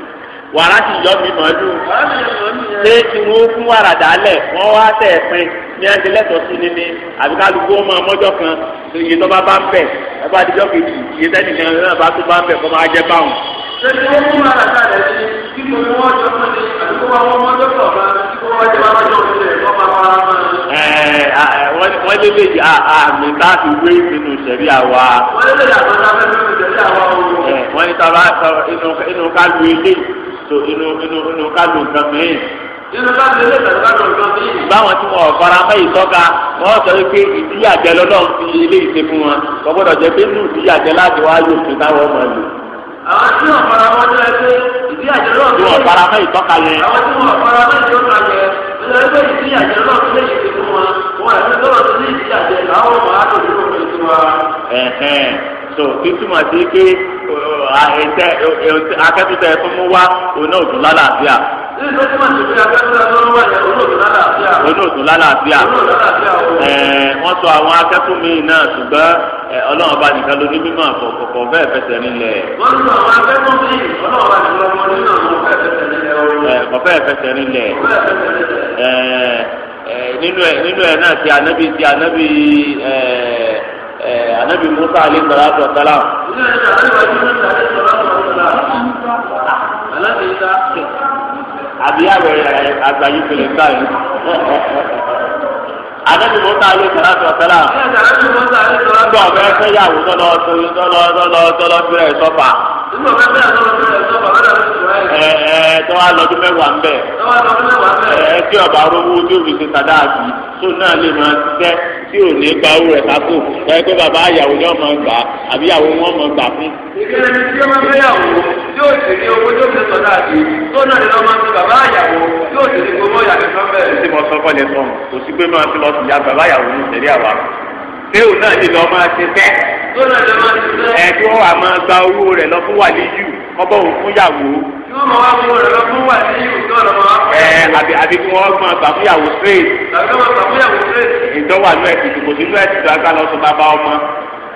wàrà ti yọ mi mọ́lú ṣé tí wọ́n fún wàrà dálẹ̀ wọ́n wá tẹ̀ pin ní ẹ̀jẹ̀ lẹ́tọ̀ọ́ sí ni ni àbí kálukú ọmọ ọmọjọ́ kan iye tó bá bá ń bẹ̀ ẹ bá dijọ́ kejì iye tẹ́lẹ̀ kan náà bá tó bá ń bẹ̀ kó máa jẹ́ báwọn. ṣé tí wọ́n fún wàrà dálẹ̀ sí kí wọ́n jọ fún mi àbí kó máa wọ́n mọ́jọ́ kọ̀ọ̀kan kí kó wọ́n jẹ wá lọ́jọ́ òṣèlè kó máa wọ́n lé lè àmì láti wé nínú ìṣẹ̀rí àwa. wọ́n lé lè àmì láti wé nínú ìṣẹ̀rí àwa o. wọ́n ní tọ́ba inú kálù eléyìí. so inu inu inú kálù nǹkan mìíràn. inú kálù ilé ìtàkùn kálù nǹkan mìíràn. báwọn tí wọn fara mọ́ ìtọ́ka wọn sọ pé fi ilé ìṣe fún wọn kò gbọ́dọ̀ jẹ́ pé inú ìdíyàjẹ láti wá yóò fi táwọn ọmọ lò. àwọn tí wọn fara mọ́ ní ẹgbẹ́ ìdíyàjẹ lọ́run. tí wọn fara mọ́ ìtọ́ka yẹn. àwọn tí wọn fara ìtọ́ka yẹn fi lè ṣe fún wọn wọn so títúmọ̀ sí pé uh, ẹ̀sẹ̀ akẹ́tùtà ẹ̀ fún mú wá oní òdùn lálàáfíà. oní òdùn lálàáfíà. wọ́n sọ àwọn akẹ́tù míì náà ṣùgbọ́n ọlọ́run ọba nìkan ló ní mímọ́ àkọ́kọ́ bẹ́ẹ̀ fẹsẹ̀ nílẹ̀. wọ́n sọ àwọn akẹ́tù míì ọlọ́run ọba nìkan ló ní mímọ́ kọfẹ fẹsẹ̀ nílẹ̀ nínú ẹ nínú ẹ náà ti anabi ti anabi ẹ anabi musa alayhi salatu wa salam. àbí àbẹ̀rẹ̀ àgbáyé pèlè báyìí. anabi musa alayhi salatu wa salam. tó o bẹ fẹ́ yàwó tọ́lọ́ tọ́lọ́ tọ́lọ́ tọ́lọ́ tọ́lọ́ fẹ́rẹ̀ sọ́fà tọ́wọ́ lọ́dún mẹ́wàá ń bẹ̀ tí ọba arówó tí òbí ti sàdá àbí tó náà lè máa ṣiṣẹ́ tí ò ní gba owó rẹ̀ sáko ẹ pé bàbá àyàwó ni máa gbà àbí ìyàwó ni máa gbà fún. ìgbẹ́ ẹni tí ó máa fẹ́ yàwó yóò sì ní owó tó fi sọ̀dá àbí tó náà lè máa fi bàbá àyàwó yóò sì ní gbogbo ìyàwó tó bẹ̀rẹ̀. tí mo sọ fọ́lẹ̀ sọ kò sí pé máa ti lọ sí ìyá bàbá náà lè lọ máa ṣe fẹ́. ẹ̀ tí wọ́n wà máa gba owó rẹ̀ lọ fún wàlíjù kọ́bọ̀ òun fún yàwó. tí wọ́n mọ̀ wá mú rẹ̀ lọ fún wà sí ìlú tí wọ́n lọ mọ̀ wá fún. ẹ àbí àbí kí wọ́n gbọ́n gbà fún yàwó straight. àbí kí wọ́n gbà fún yàwó straight. ìjọba nú ẹ̀ tìtù kò sí nú ẹ̀ tìtù agbá lọ sọ bàbá ọmọ.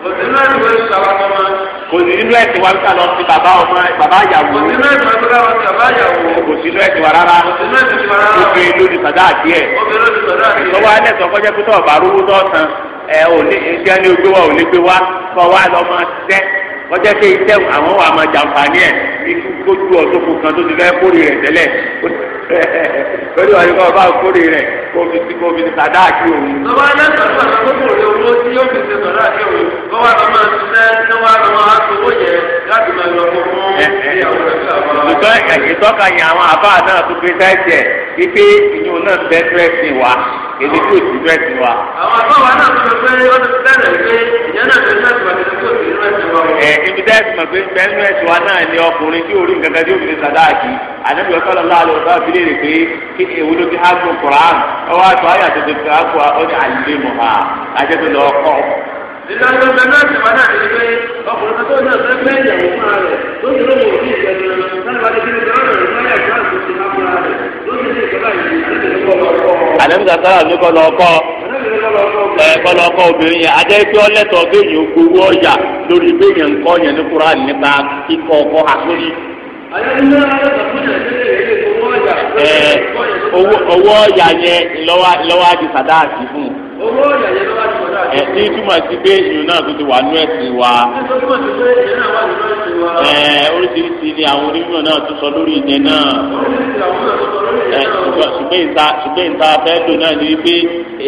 kò sí nú ẹ̀ tìtù agbá lọ sọ bàbá ọmọ. kò sí nú ẹ̀ tìtù agbá lọ sọ bàbá ọmọ bàbá yàwó. kò sí nú ẹ̀ tìtù agbá lọ sọ bàbá yàwó. kò sí nú ẹ̀ tìtù rárá. kò sí nú ẹ̀ tìtù rárá. obìnrin ló ní sàdá àdìẹ. obìnrin ló ní sàdá àdìẹ. ìjọba ẹ̀ ẹ ò ní iṣẹ́ ní ogbé wa ò ní gbé wa kọ́ wa lọ máa tẹ́ kọjá pé iṣẹ́ àwọn wa máa jàǹfààní ẹ̀ ikú kójú ọ̀ṣọ́kù kan tó ti fẹ́ kórè rẹ̀ tẹ́lẹ̀ lórí wàá ní kọ́ bá kórè rẹ̀ kó fi ti kó fi ti sàdá àti òun. lọ́wọ́ alẹ́ sọ̀rọ̀ àkókò rẹ̀ owó tí yóò fi ṣe sọ̀rọ̀ àti òun kọ́ wa lọ́ máa ṣiṣẹ́ ní wa lọ́ máa ṣòwò yẹn láti máa lọ fún fún eh, eh. ìyàwó rẹ̀ sí àwọn. ìtọ́ ìtọ́ka yẹn àwọn àbá náà tó fi sáì èdè tí òsì rẹ̀ ti wa. àwọn àbáwá náà tó ṣe pé ó ti bẹ̀rẹ̀ pé ìyẹn náà ti ṣe àtìwá ti tó òsì rẹ̀ ti wa. ẹ ibi tẹ́ ẹ ti mọ̀ pé bẹ́ẹ̀ nínú ẹ̀sìn wa náà ni ọkùnrin tí orí nǹkan kan tí ó fi lè sàdáàkì ànábì ọ̀sán lọ́la àlọ́ ọ̀sán fi léèrè pé kí èwo ló ti hágùn kùrán ọwọ́ àtọ́ ayé àtẹ̀tẹ̀ fi hágùn ọdún àlè mọ̀ ha àjẹsẹ̀ lọ ọkọ̀. ìdájọ́ bẹ́ẹ̀ náà ti wá tó náà fẹ́ fẹ́ ìyàwó náà àlẹ́mísà sára mi kọ́ lọ́kọ́ ẹ kọ́ lọ́kọ́ obìnrin yẹn ajẹ́ pé ọlẹ́tọ̀ kéèyàn gbowó ọ̀yà lórí béèyàn ńkọ́ yẹn ní kúránì nípa kíkọ́ ọkọ́ àsórí. owó ọ̀yà yẹn lọ́wọ́ á di fún owó ọ̀yà yẹn lọ́wọ́ á di ẹ ní túmọ̀ sí pé ìrun náà tó ti wà nú ẹ̀sìn wa. ẹ oríṣiríṣi ni àwọn onímọ̀ náà tó sọ lórí ìyẹn náà. ẹ ṣùgbọ́n ìta ṣùgbọ́n ìta fẹ́ lò náà ni wípé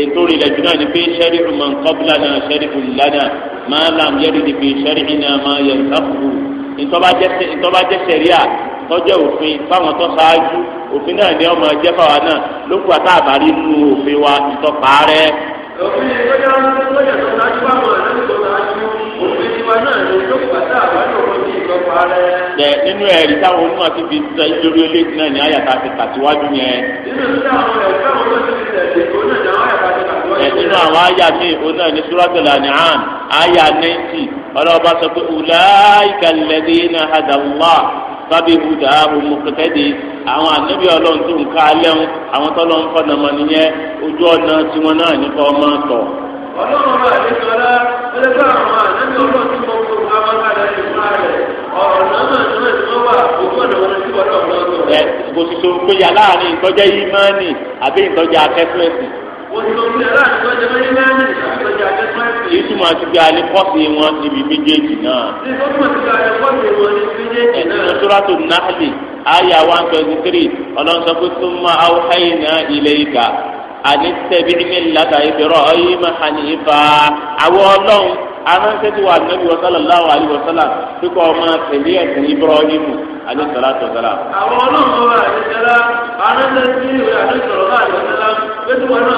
ètò ìrìnlẹ̀ jù náà ni pé sẹ́rífù man qablana sẹ́rífù lana máa làm yẹ́rì ni pé sẹ́rífù náà máa yẹ ìtàkùn. ìtọ́ba jẹ́ sẹ́ríà tọ́jọ́ òfin fáwọn tó ṣáájú òfin náà ni ọmọ ẹ̀jẹ̀ òfin ìgbẹ́jà lọ́yà tó dájú bá wọn àti tó dájú òfin tiwa náà ló ló pàtà àbájọ wọn ní ìgbọ́kọ̀ alẹ́. Bẹ́ẹ̀ nínú ẹ̀rí táwọn onímọ̀ ti fi sẹ́ lórí eléyìí náà ní àyàtà ti tàtíwájú yẹn. Nínú àwọn ẹ̀fẹ́ wọn ló náà ní àwọn ní suratul àyà 90 ọlọ́ọ̀bá sọ pé ulaika alladhina hadallah sábì hùdà ahùn mùkẹ́tẹ́dì àwọn ànábì ọlọ́run tó ń ká lẹ́hún àwọn tọ́lọ́ ń fọ́nà mọ́ nìyẹn ojú ọ̀nà tiwọn náà nípa ọmọ tọ̀. ọlọ́run bá àlẹ́ sọ́lá ẹlẹ́gbẹ́ àwọn ànábì ọlọ́run tí mo kó àwọn akáàdá ti fún ààrẹ ọ̀rọ̀ náà náà ni wọ́n wà ojú ọ̀nà wọn ti wọ́n náà lọ́dọ̀. ẹ kò sì so péyà láàrin ìtọ́jẹ́ ìmánì àbí ìtọ́jẹ́ akẹ́kọ̀ọ́ ẹ̀sìn. kò sì so péyà láàrin ìtọ́jẹ́ ìmánì àbí èyí tí màá ti gbé alẹ́ kọ́sì wọn níbi méjèèjì náà. ẹ̀sìn sọ́tò náhàlì àyà one twenty three ọlọ́nsọ pé súnmọ́ awúháyìnà ilé ìka àní tẹ̀bíìmí làtà ìbẹ̀rọ ọ̀yìnmá hàní ìfà àwọn ọlọ́run amánsẹ́ ti wà nàbí sallallahu alaihi wasallam kíkọ́ ọmọ tẹ̀lé ẹ̀sìn Ibrahimu alẹ́ sọ̀rọ̀ àtọ̀sọ̀rọ̀. sọ̀rọ̀ àdìsẹ́lá pé tí wọn náà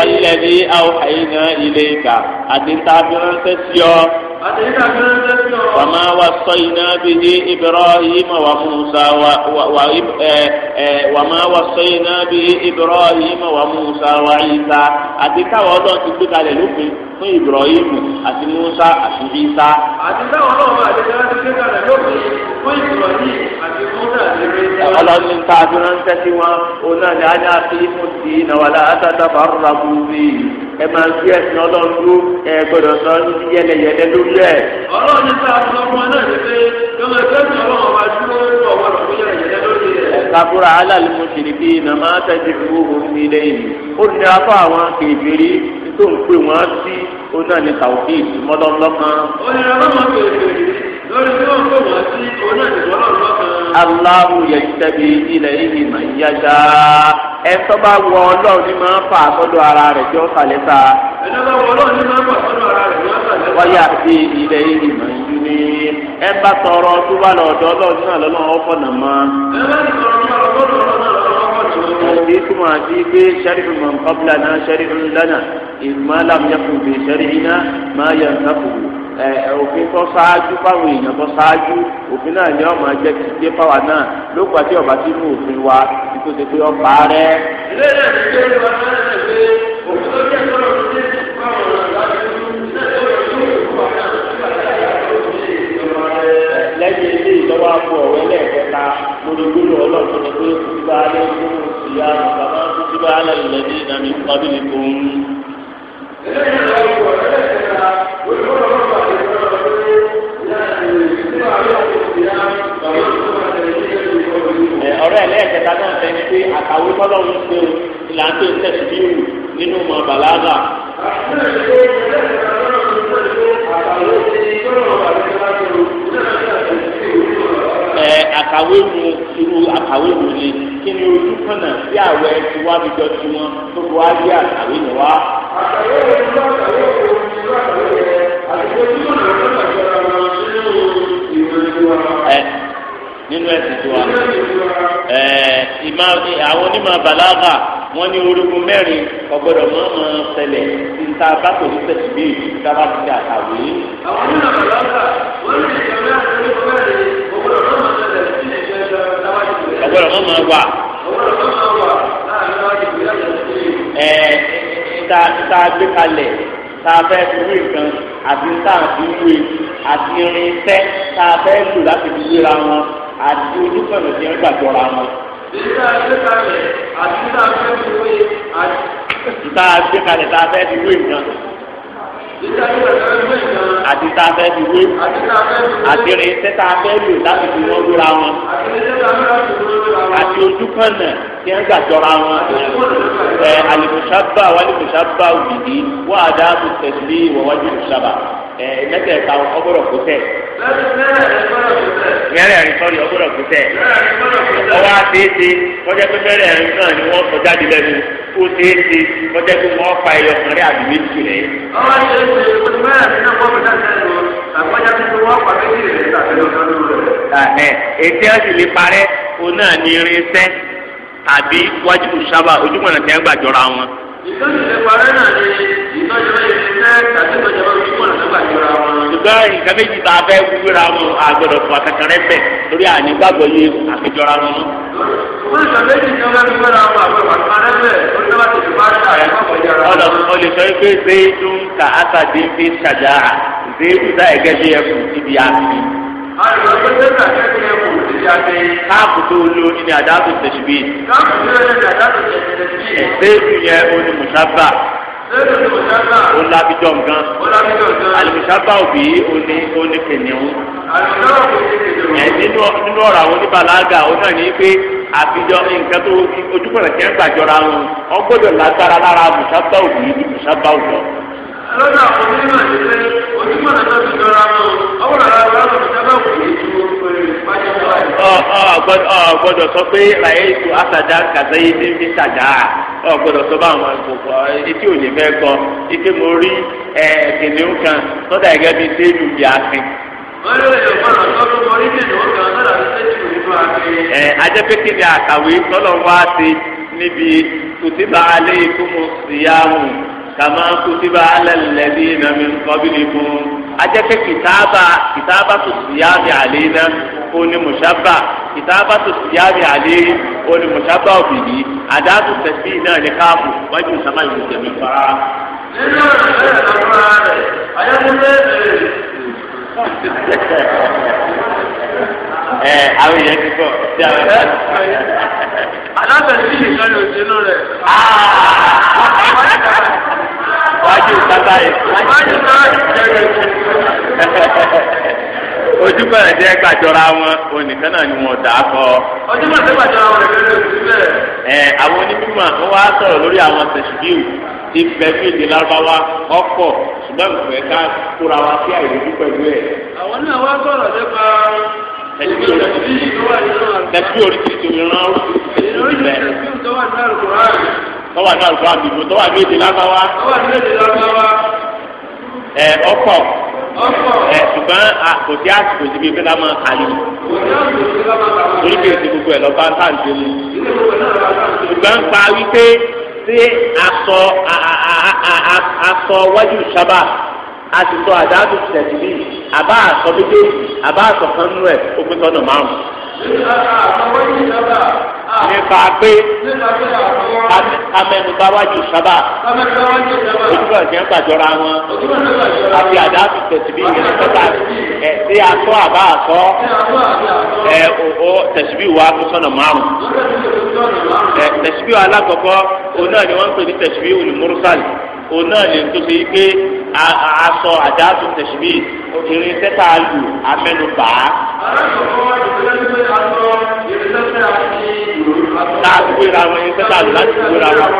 wọ́n lẹ́ni àwòhàyínà ilé ìkà àti ntàbí ránṣẹ́ sí ọ wàmà wà sọyìnà bìhí ibrahim wà musa wà wà ẹ ẹ wàmà wà sọyìnà bìhí ibrahim wà musa wà isa àti káwọn ọlọ́run ti gbé kalẹ̀ lópin fún ibrahim àti musa àti isa. àti káwọn ọlọ́run àti ìjọba ti gbé kalẹ̀ lópin fún ibrahim àti musa àti isa. ọlọ́run ta àti ránṣẹ́ sí wọn òun ni a ní àfi fún ti náwó àtàtà fàrúrà kúrú bíi ẹ máa ń fi ẹ̀sìn ọlọ́run dúró ẹ gbọ́dọ̀ sọ ní yẹlẹyẹlẹ lórí ẹ̀. ọlọ́run ní sáà fún ọmọ náà ní pé yọmọ ẹgbẹ́ mi ọlọ́run ọba dúró lọ́wọ́ ọ̀rọ̀ fún yẹlẹyẹlẹ lórí ẹ̀. kakura alali musiriki nama tẹsi fi wo omi ilé yìí ó ní afọ àwọn kèbèrè tó ń pè wọn sí oná ní tàwùkì ìmọlọmọkan. ó ní ọlọ́mọ aláwọ̀ yẹn tẹ̀bi ilẹ̀ yìí mà ń yájà ẹ tó bá wọ ọlọ́run ní máa ń fà sọ́dọ̀ ara rẹ̀ jọ́ sàlẹ̀ ta. ẹ tó bá wọ ọlọ́run ní máa ń fà sọ́dọ̀ ara rẹ̀ jọ́ sàlẹ̀ ta. wọ́n yà sí ilẹ̀ yìí mà ń yú ní ẹ bá tọrọ tó bá lọ ọ̀dọ̀ ọlọ́run náà lọ́nà ọ̀fọ̀ nà mọ́. ẹ bá ti tọrọ tó bá náà lọ́nà ọ̀fọ̀ nà mọ́. àti pé sẹ́rífù mọ̀ ń kọ́bìlà ẹ òfin tó ṣáájú fáwọn èèyàn tó ṣáájú òfin náà ni ọmọ ẹgbẹ́ ti dé fáwa náà ló pa tí ọba sínú òfin wa tó ti pé ọba rẹ. ilé náà ti dé ìwà náà lè pe òfin tó jẹ́ sọ́rọ̀ tó dé sí fáwọn ọ̀nà láti ilé tó yẹ kó ìwà náà tó bá dá ìyàwó tó ṣe ìjọba rẹ. lẹ́yìn ilé ìlọ́wọ́ àpò ọ̀rẹ́ lẹ́ẹ̀kẹta gbódògbódò ọlọ́run ni pé kùtùbà alẹ́ fún ìyá bàbá kùtùbà alẹ́ lẹ́dí ìdàmì pàbílì fún. ilé ìlọ́wọ́ àpò ọ̀rẹ́ lẹ́ẹ̀kẹta ọ̀rọ̀ ẹ̀ lẹ́ẹ̀kẹta náà fẹ́ ni pé àkàwé tọ́lọ́ ń ṣe o ìlànà tó ń tẹ̀sí bí wù nínú ọmọ bàlágà. ẹ àkàwé mu irú àkàwé mu ni kí ni ojú kànnà sí àwẹ̀ tiwa bíjọ tiwọn tó wá rí àkàwé yẹn wá. àkàwé yẹn ló ń bá àkàwé yẹn ló ń àkàwé yẹn àti ojú kànnà ló ń bá àkàwé yẹn nínú ìròyìn wa nínú ẹ̀sìn tó wà. àwọn onímọ̀ bàlágà wọ́n ní orúkún mẹ́rin ọgbọ́dọ̀ mọ́ ọmọ ṣẹlẹ̀ tí n ta bá kò ní tẹ̀sí bí ìjọba ti ṣe àkàwé. àwọn onímọ̀ bàlágà wọ́n ní ìjọba orúkún mẹ́rin ọgbọ́dọ̀ mọ́ ọmọ ṣẹlẹ̀ tí ìjọba ọgbọ́dọ̀ mọ́ ọmọ wà. ọgbọ́dọ̀ mọ́ ọmọ wà tá a gbé kalẹ̀ tá a fẹ́ fi wé nǹkan àti tá a fi wé àti irin tẹ́ tá a fẹ́ láti fi wéra wọn àti ojúkọ̀nà tí wọ́n gbàjọra wọn. ìgbà àgbẹ̀ kalẹ̀ àti ìgbà àgbẹ̀ fi wé àti. ìgbà àgbẹ̀ kalẹ̀ tá a fẹ́ fi wé nǹkan. ìgbà àgbẹ̀ kalẹ̀ fi wé nǹkan. àti tá a fẹ́ fi wé. àti tá a fẹ́ fi wé. àti rẹ̀ tẹ́ tá a fẹ́ lò láti fi wọ́n lóra wọn. àti rẹ̀ tẹ́ tá a fẹ́ wọn. àti ojúkọ̀nà tí wọ́n gbàjọra wọn. ẹ alimusaba walimusaba wìdí wàdà mùsùlùmí ẹ mẹ́tẹ̀ẹ̀ta ọgbọ́dọ̀ kó tẹ̀. lẹ́yìn náà ẹ mẹ́rẹ̀ ẹ̀rin sọ́ọ̀rì ọgbọ́dọ̀ kú tẹ̀. ọwọ́ àtẹ́tẹ́ kọjá pé mẹ́rẹ̀ ẹ̀rin náà ni wọ́n sọ jáde lẹ́nu ó tẹ́tẹ́ kọjá pé wọ́n fa ẹyọ kan rí àbí méjì rẹ̀. ọwọ́ àtẹ́tẹ́ kò ní mẹ́rẹ̀ náà wọ́n fi dá ètí ọ̀sìn lè parẹ́ òun náà ní irinṣẹ́ tàbí wájú sábà ojúmọ̀nà tẹ́ ṣùgbọ́n nǹkan méjì tá a fẹ́ wúra wọn àgbọ̀dọ̀ fún akẹ́kẹ́ rẹ bẹ̀ lórí ànígbàgbọ́ yé àfijọ́ra wọn. ọ̀dọ̀ mo lè sọ pé zéédùn ka àtàdé fi ṣàjà zéédùn tá ẹ̀gẹ́ bí ẹkùn síbi àti. káàpù tó lórí ni àdáàbò tẹ̀síbí. káàpù tó lórí ni àdáàbò tẹ̀síbí. zéédùn yẹn ó ní mùsábà ó lábíjọ nǹkan alimusaba òbí oní oní kìnìún ẹ nínú nínú ọ̀rọ̀ àwọn oníbàlágà ó náà ní pé àbíjọ nǹkan tó ojúkọ̀nà tí wọ́n gbàjọra wọn wọ́n gbọ́dọ̀ lágbára lára musaba òbí musaba òjọ. lọ́dọ̀ àwọn onímọ̀ ní pé ojúkọ̀nà tó ti jọra wọn ọ̀gbọ̀n àwọn ọ̀rọ̀ musaba òbí tó ń pè é wájú wájú. ọgbọ́dọ̀ sọ pé ràyẹtù asàdá kàzẹyìn ní fi sàdá ọgbọ́dọ̀ sọ báwọn àgbòkọ etí ò lè mẹkọ ike mo rí ẹ kìnìún kan sọdà gẹ́gẹ́ bíi sẹyìn ìbí akin. wọ́n lè gbọ́dọ̀ sọ pé mo kìnìún kan sọdà bíi sẹyìn ìbí akin. ẹ ajẹ́pẹ́kẹ́ ni àkàwé tọ́lọ̀ wá sí níbi kùtìbà alẹ́ ikú mo sì yá mu kàmá kùtìbà alẹ́ lẹ́dí ìnàmí nǹkan bí nìkún ajẹ́pẹ́ kìtàbà kìtàbà tó sì yá àlẹ́ náà. oni musaba kitaba tó siyabi ale oni musaba òbìbí adatu tẹsí náà ní káàpù wájú sàmà ìlú jẹmí fa. nínú ìṣẹ̀lẹ̀ ìṣàkóso rẹ̀ ayọ́dúnlé ẹ̀ àwọn èèyàn ti bọ̀ sí àwọn ẹ̀ka. alábẹ̀sí nìkan ló ti nù rẹ̀. Ah! wájú sábà yìí. wájú sábà yìí. ojúbọ ẹdí ẹ gbàjọra wọn onìkan náà ni wọn dà á kọ. ojúbọ ẹdí gbàjọra wọn lẹbi ló ti bẹ́ẹ̀. ẹ àwọn onímọ̀ wọn wá sọ̀rọ̀ lórí àwọn ti bẹ bí èdè lárúbáwá ọ̀pọ̀ ṣùgbọ́n ìfẹ́ ká kóra wa sí àìlójú pẹ̀lú ẹ̀. àwọn náà wá sọ̀rọ̀ nípa ní tọ́wà ní ẹ ṣùgbọ́n kò sí àsìkò síbi pé ká máa kàlí torí pé èsì gbogbo ẹ̀ lọ bá sáǹtì mu ṣùgbọ́n pa wípé sí aṣọ aṣọ wájú sábà àti sọ àdáàbò tẹ̀síbí àbá aṣọ méjèèjì àbá aṣọ kan nú ẹ̀ ó pé tọ́nà márùn nípa pé amẹnuba wájú sábà ojúbọ jẹ gbàjọra wọn àti àdá fi tẹsibí yẹn sọta ẹ tí a sọ àbá àsọ ẹ o tẹsibí wa fún sọnà márùn ẹ tẹsibí wa alákọ̀ọ́kọ́ òun náà ni wọ́n ń pè ní tẹsibí olùmúrúsàlì òun náà lè tó ṣe pé aṣọ àdáàtú tẹsibí irin tẹ́tà lù amẹnubà. alákọ̀ọ́kọ́ wájú tẹ́lẹ̀ ní tá a dúró ra wọn yẹn fẹ́ tá a lò láti dúró ra wọn.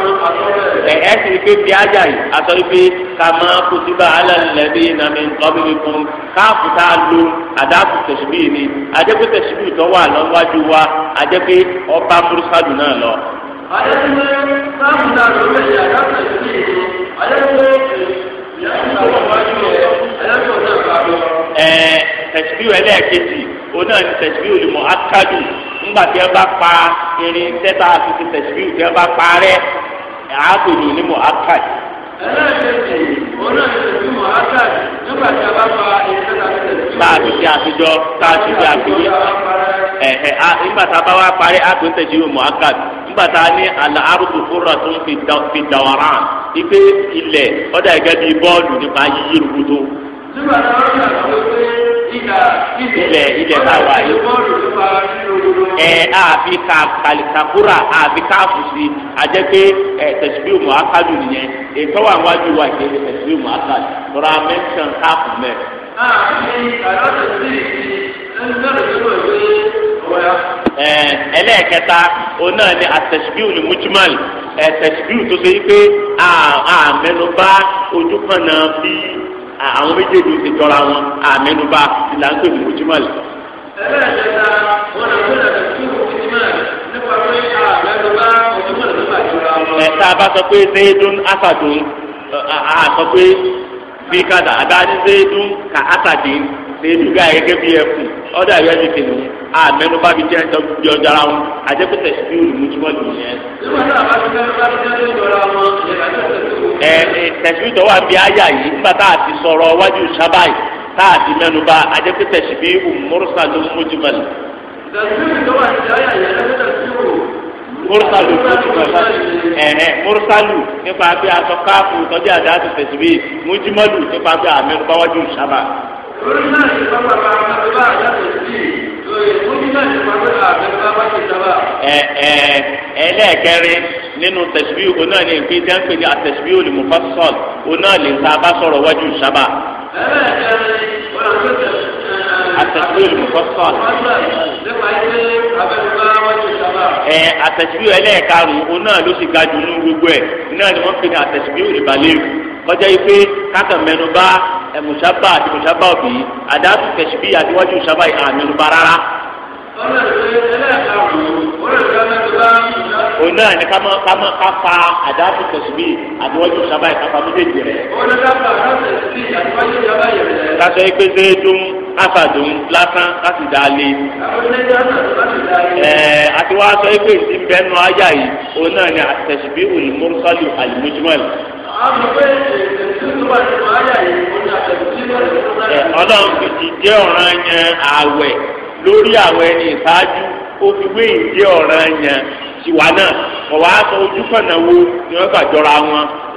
ẹ ẹ sì pé bí ajá yìí aṣọ ibi ká máa kó síbà alẹ́lẹ́bí nàmi lọ́bíbi fún káàpù tá a lo àdáàpù tẹ̀síbì ni àjẹpẹ́ tẹ̀síbì tó wà lọ́wájú wa àjẹpẹ́ ọba mùsàlù náà lọ. àjẹpẹ́ káàpù tá a lò lẹ́yìn àdáàpù tẹ̀síbì ni àjẹpẹ́ ìyá ìyá ọ̀wájú rẹ̀ àjẹpẹ́ oní àti ni mo akadu ńgbà tí ẹ bá pa irin tẹ́tà àti ti tẹ̀síwìú tí ẹ bá pa ni mo akadu. ẹlẹ́ẹ̀kejì oní àti tẹ̀síwìú mo akadu nígbà tí ẹ bá pa irin tẹ́tà àti tẹ̀síwìú. tá ṣe àfijọ́ tá ṣe àfijọ́ ẹ̀hẹ̀ nígbà tá a bá wá parí àákò ní tẹ̀síwìú mo nígbà tá a ní àlà arúgbó fúnra tó ń ilẹ̀ ilẹ̀ bá wà yìí. ẹ àbí ká kàlìkàkúrà àbí ká fùsì àjẹ́ pé ẹ tẹ̀síbí òmù akádù nìyẹn ètò wà wájú wa kì í tẹ̀síbí òmù akádù lọ́ra mẹ́tàn káàkùn mẹ́. ẹlẹ́ẹ̀kẹta òun náà ni àtẹ̀síbí òmù mujmal ẹ̀ tẹ̀síbí òmù tó ṣe yí pé àmẹ́nubá ojú kan náà bíi àwọn méjèèjì ti jọra wọn àmẹnubá ìlà ń pè ní mujmal. ẹlẹ́ẹ̀kẹta wọn lè wọlé ẹ̀sìn mujmal nípa pé àmẹnubá mujmal nípa ìjọra wọn. ẹ̀ta bá sọ pé zayidun asadun àsọ pé bí kàdà àdáni zayidun kà asadin zayidun gáà gẹ́gẹ́ bí ẹkùn ọ̀dà ìyá ti kìnnìún àmẹnubá ah, bíi jẹ́ jọ jara wọn àjẹpẹ́tẹ̀ sí olùmújúmọ́lù yẹn. ẹ ẹ tẹ̀síwì tọ́wọ́ àbí àyà yìí nígbà tá a ti sọ̀rọ̀ wájú sábà yìí tá a ti mẹ́nubá àjẹpẹ́tẹ̀ sí bí mọ́rọ́sà ló mújúmọ́lù. tẹ̀síwì tọ́wọ́ àbí àyà yìí àjẹpẹ́tẹ̀ sí o mursalu nípa bí aṣọ káàpù tọ́jú àdá ti tẹ̀sí bí mujimalu nípa bí amẹ́rùbáwájú sábà. orí náà ṣe pápá bá a bá ẹlẹ́ẹ̀kẹrin nínú tẹ̀sibí oná ní ìpè tí a ń pè ní àtẹ̀sibí olùmọ̀fásọ́l oná lè ta bá sọ̀rọ̀ wájú sábà. àtẹ̀sibí olùmọ̀fásọ́l. ẹ àtẹ̀sibí ẹlẹ́ẹ̀karùn-ún oná ló sì ga jù nínú gbogbo ẹ̀ náà ni wọ́n pè ní àtẹ̀sibí olùbàlẹ́rù kọjá yìí pé káka mẹnu bá ẹmùsábà àti mùsábà òbí àdáàtú kẹsìbí àdíwájú sábà yìí àmẹnu bá rárá. òun náà ni kámọ kámọ káfa àdáàtú kẹsìbí àdíwájú sábà yìí káfa méjèèjì rẹ. kásọ yìí pé zéédùn afàdùn lásán láti dá lé. ẹ̀ẹ́ àti wá sọ yìí pé bẹ́ẹ̀ nù ayá yìí òun náà ni àtẹ̀sìbí olùmọ̀ọ́sálù àlùmọ́júmọ́lù ọlọ́run fi jẹ́ ọ̀ràn yẹn àwẹ̀ lórí àwọn ẹni ìṣáájú ó ìjẹ́ ọ̀ràn yẹn tiwa náà kọ̀ sọ ojú wo ni wọ́n gbàjọra wọn.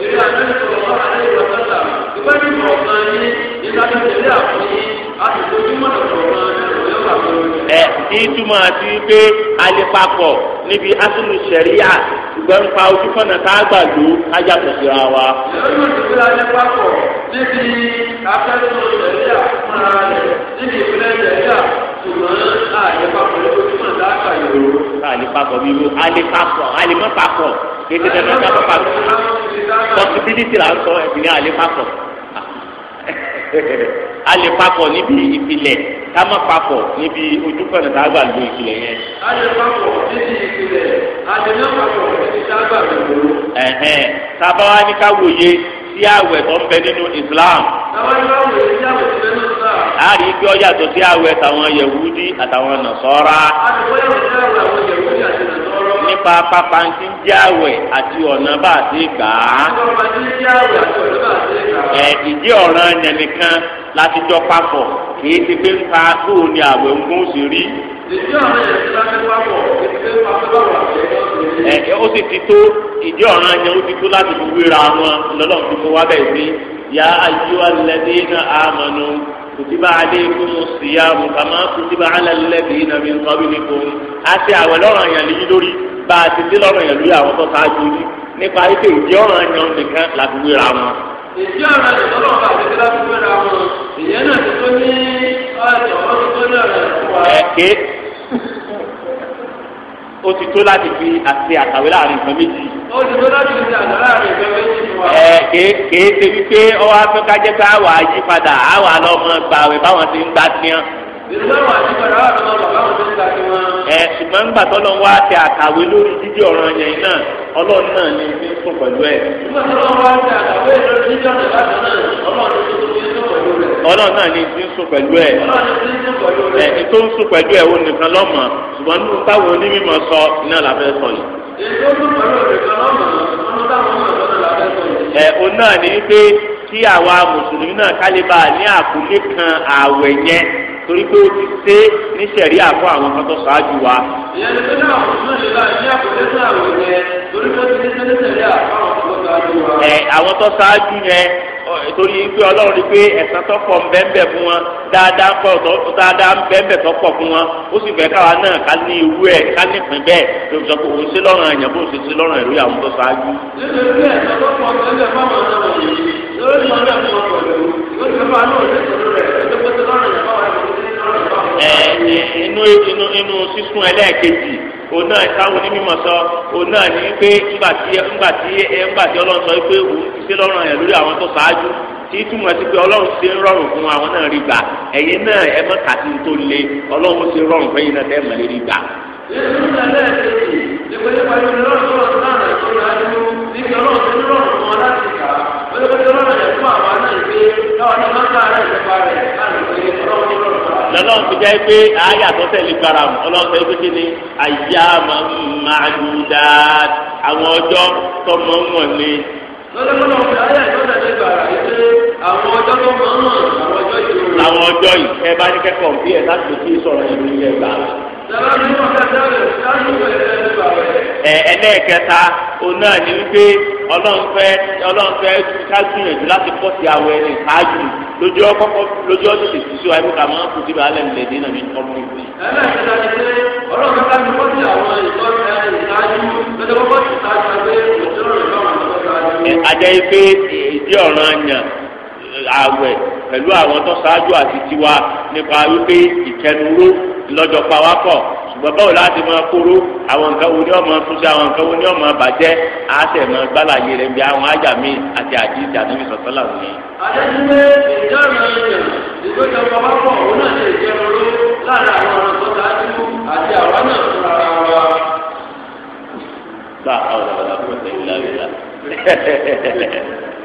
ìrìn àjọyọ̀ ọ̀rọ̀ àlẹ́ ìwà sọ́tà ìgbà tí mo kàn yín nígbà tí mo lé àpò yín a sì fojú mọ́tò kọ̀ọ̀kan ìrọ̀lẹ́ àpò yín. ẹ ìtumọ̀ àti pé alipapọ̀ níbi asúlù sẹ̀ríyà ṣùgbọ́n nípa ojú fọ́nà tá a gbà lò á yàtọ̀ síra wa. ìrọ̀lẹ́ òṣèlú alipapọ̀ níbi afẹ́sọ̀ sẹ̀ríyà fúnra rẹ̀ níbi ìpínlẹ̀ sẹ̀ríyà ṣùgbọ́n àyẹ̀papọ̀ lójú fọ́nà tá gbà lò. alipapọ̀ bíi alipapọ̀ alimọ̀papọ̀ kéde dandan dábọ̀ papọ̀ possibility là ń sọ ẹ̀sìn ní àlepapọ̀ àlepapọ̀ níbi ìpìlẹ̀ ká má papọ̀ níbi ojúkọ̀nà tá a gbà lo ìpìlẹ̀ yẹn. àlepapọ̀ níbi ìpìlẹ̀ àlepapọ̀ níbi tá a gbà lo ìpìlẹ̀. ẹ̀hẹ́n sábà wá ní ká wòye sí àwẹ̀ tó ń bẹ nínú Islam. sábà ní ká wòye sí àwẹ̀ tó ń bẹ nínú Islam. a rí i pé ó yàtọ̀ sí àwẹ̀ tàwọn Yẹhudi àtàwọn Nasara. a ti wọ́n yàtọ̀ sí àwẹ̀ àwọn Yẹhudi àti nípa pápá ń ti ń jẹ́ àwẹ̀ àti ọ̀nà bá a ti gbà á. ẹ̀ ìdí ọ̀ràn yẹn nìkan láti jọ papọ̀ kì í ti pé ń pa tó o ní àwẹ̀ ń gún sí rí. ìdí ọ̀ràn yẹn ti láti papọ̀ kì í ti pé ń pa tó o ní àwẹ̀ ń gún sí rí. ẹ ó sì ti tó ìdí ọ̀ràn yẹn ó ti tó láti fi wéra wọn lọ́lọ́run ti kó wá sí. ya ayyuhalladhina amanu kutiba aleikum siyamu kama kutiba ala alladhina min qablikum àti àwẹ̀ lọ́ràn yẹn lórí bá a ti dé yẹn lórí àwọn tó ṣáájú rí nípa ife ìdí ọ̀ràn yan nìkan láti wéra wọn. ìdí ọ̀ràn yẹn bá ti dé láti wéra wọn ìyẹn náà ti tó ní ọ̀rọ̀ ọ̀rọ̀ tó ní ọ̀rọ̀ ìfúwa. ẹ̀kẹ́ ó ti tó láti fi àti àkàwé láàrin nǹkan méjì. ó ti tó láti fi àkàwé láàrin nǹkan méjì fún wa. ẹ ṣe wípé ọ ẹ ṣùgbọ́n nígbà tó lọ wá ti àkàwé lórí jíjẹ́ ọ̀ràn yẹn náà ọlọ́run náà ni fi ń sùn pẹ̀lú ẹ̀. ọlọ́run náà ni fi ń sùn pẹ̀lú ẹ̀. ẹ̀ tó ń sùn pẹ̀lú ẹ̀ nìkan lọ́mọ sọ iná làbẹ́ sọ yìí. tó ń kí àwa mùsùlùmí náà kálíbà ní àkúlé kan ààwẹ̀ yẹn torí pé ó ti ṣe ní sẹ̀rí àkọ́ àwọn kan tó ṣáájú wa. ìyẹn tó náà mùsùlùmí lè bá ní àkúlé kan ààwẹ̀ yẹn torí pé ó ti ṣe ní sẹ̀rí àkọ́ àwọn kan tó ṣáájú wa. ẹ àwọn tó ṣáájú yẹn torí pé ọlọ́run rí pé ẹ̀san tó pọ̀ nbẹ́nbẹ́ fún wọn dáadáa pọ̀ tó dáadáa nbẹ́nbẹ́ tó pọ̀ fún wọn ó sì fẹ́ káwa náà ká ní irú ẹ̀ ká ní ìpín bẹ́ẹ̀ tó sọ pé òun sí lọ́rùn àyànfó òun sì sí lọ́rùn ẹ̀rú àwọn tó ṣáájú. nínú ilé tó pọ̀ nbẹ́nbẹ́ fáwọn ọ̀dọ́ inú inú inú sísun ẹlẹ́ẹ̀kejì òun náà táwọn onímọ̀ sọ òun náà ní pé ńgbà tí ńgbà tí ńgbà ọrụ ọlọ́run sọ pé òun ti ṣe lọ́rùn ẹ̀ lórí àwọn tó ṣáájú tí túmọ̀ sí pé ọlọ́run ṣe ń rọrùn fún àwọn náà rí gbà ẹ̀yin náà ẹ mọ́ kàtí tó le ọlọ́run ṣe rọrùn fún ẹ̀yin náà tẹ́ mọ̀lẹ́ lọ́lọ́run fi jẹ́ pé àyà tó tẹ̀lé gbára mu ọlọ́run tẹ̀lé pé ní àyà máa ń dáa àwọn ọjọ́ tó mọ̀ ń wọ̀ ni. lọ́lọ́run fi àyà tó tẹ̀lé gbára yìí pé àwọn ọjọ́ tó mọ̀ ń wọ̀ àwọn ọjọ́ yìí. àwọn ọjọ́ yìí ẹ bá ní kẹ́kọ̀ọ́ bí ẹ láti fi sọ̀rọ̀ ìlú yẹn gbà ẹ ẹlẹ́ẹ̀kẹta òun náà ni wípé ọlọ́run fẹ́ ọlọ́run fẹ́ kájúyànjú láti pọ̀ sí àwọn ẹni ṣáájú lójú ọkọ̀kọ̀ lójú ọdún lè ṣiṣẹ́ wáyé ká máa ń kú síbi alẹ́ nílẹ̀ nínú mi kọ́ mi. ẹlẹ́ẹ̀kẹta ni pé ọlọ́run fẹ́ pọ̀ sí àwọn ìtọ́jú ẹni ṣáájú lọ́dọ̀ pọ̀ sí ṣáájú ẹgbẹ́ òṣèlú ìjọba àjẹ́ pé ìdí ọ̀ràn yàn àwẹ̀ pẹ̀lú àwọn tó ṣáájú àti tiwa nípa wípé ìkẹnuró lọ́jọ́ pawápọ̀ ṣùgbọ́n báwo láti máa kóró àwọn nǹkan wo ni ọmọ túnṣe àwọn nǹkan wo ni ọmọ bàjẹ́ àṣẹ máa gbálàyé rẹ̀ bí àwọn ájà mi àti àdìsí àdìsí sọ̀tọ́ làwọn yìí. àdéhùn ìjọba ènìyàn ìgbésẹ̀ pawápọ̀ òun náà lè jẹ́ oró láàárín àwọn ọ̀rọ̀ tó dájú àti àwọn náà fúnra wa.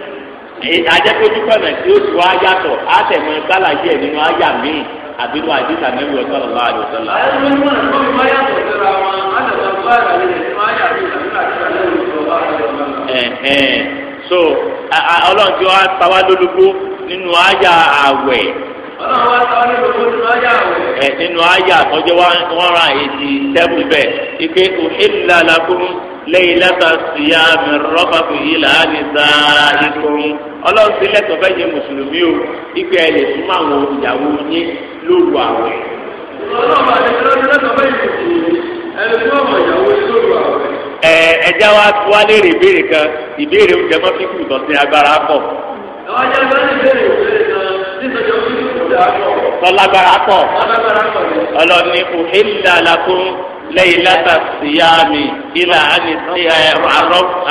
àjẹpẹ́júpẹ̀mẹ̀ tí ó ti wá yàtọ̀ á tẹ̀mọ́ gbàlàjì ẹ̀ nínú àyà míì àbínú àdìsá mẹ́rin ọ̀sán lọ́la àdìsá lọ́la. ẹ̀hẹ̀n so ọlọ́run tí wọ́n pa wá lólobó nínú àyà àwẹ̀. ọlọ́run wá sọ ní gbogbo nínú ayé ẹ nínú ayé àtọ́jú wọn ra èsì sẹ́bù bẹ́ẹ̀ ike òhìlá làkún lẹ́yìn lẹ́ta síyá rọba rọ́bà yí làálì sáà ikùn sí lẹ́tọ̀ọ́ fẹ́ yẹ mùsùlùmí o ike ẹ lè àwọn ìyàwó yín lóru ẹ wa léèrè ìbéèrè kan ìbéèrè fífi agbára pọ̀. ìbáraẹni bẹ̀rẹ̀ tọ́lágbára pọ̀ ọlọ́ni uhilla lakum laylata siyami ilà àní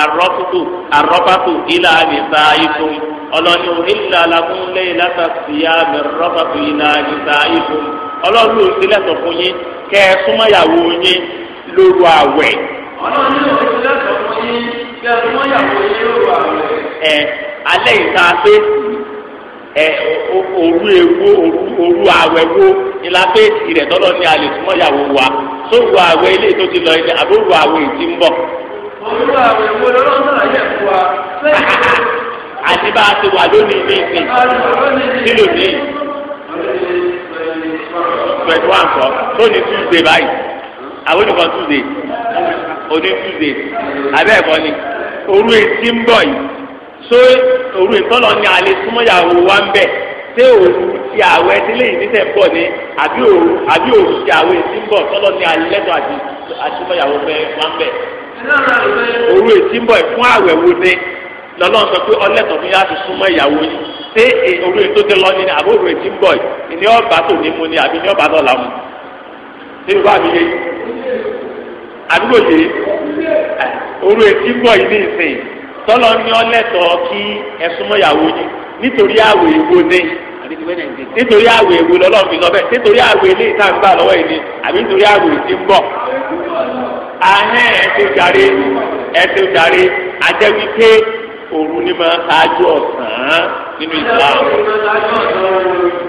arọ́kùtù arọ́kùtù ilà àní sáyìkùn ọlọ́ni uhilla lakum laylata siyami arọ́kùtù ilà àní sáyìkùn ọlọ́ni òsílẹ̀ sọ fún yín kẹ́ ẹ súnmọ́yàwó yín lóru àwẹ̀. ọlọ́ni òsílẹ̀ sọ fún yín kẹ́ ẹ súnmọ́yàwó yín lóru àwẹ̀. ẹ alẹ́ ìta fèsì ẹ òru ewo òru òru àwẹ̀ wo ìlàfẹ́ẹ̀sì rẹ̀ tọ́lọ́ ní alẹ́ súnmọ́ ìyàwó wa tó ru àwẹ̀ ilé tó ti lọ ilé àbó ru àwẹ̀ ìdí ń bọ̀. òru àwẹ̀ wo lọ́wọ́ náà yẹ fún wa. àti bá a ti wà lónìí ní ìsìn kílò ní twenty one kọ tó ní tuesday báyìí àwọn oníkan tuesday oní tuesday abẹ́ẹ̀kọ́ ni òru ètí ń bọ̀ yìí so òru ìtọ́lọ̀ ni alẹ́ súnmọ́yàwó wa ń bẹ̀ ṣé òru ti àwẹ̀ ẹdílé yìí níṣẹ́ pọ̀ ni àbí òru àbí òru ti àwẹ̀ ètí ń bọ̀ tọ́lọ̀ ni alẹ́ lẹ́tọ̀ àti àtúmọ̀yàwó fẹ́ wa ń bẹ̀. òru ètí ń bọ̀ e fún àwẹ̀ wo ni lọ́lọ́run sọ pé ọlẹ́tọ̀ mi yàtọ̀ súnmọ́ ìyàwó yìí ṣé òru e, ètò ti lọ ní àbí òru ètí ń bọ̀ ni ọba tò ní mu ni àbí ni ọba lọ́la mu ṣé ìwà mi yé àdúgbò yìí òru ètí ń bọ̀ yìí ní ìsìn tọ́lọ ní ọlẹ́tọ̀ọ́ kí ẹ̀sùnmọ́yàwó yìí nítorí àwọ̀ èwo ní nítorí àwọ̀ èwo lọ́lọ́run fi lọ bẹ́ẹ̀ nítorí àwọ̀ ilé ìta ń gbà lọ́wọ́ yìí ni àbí nítorí àwọ̀ èdè ń bọ̀. ahẹ́n ẹ̀sìn jàre ẹ̀sìn jàre àjẹwíké òru ni máa ṣáájú ọ̀sán nínú Islam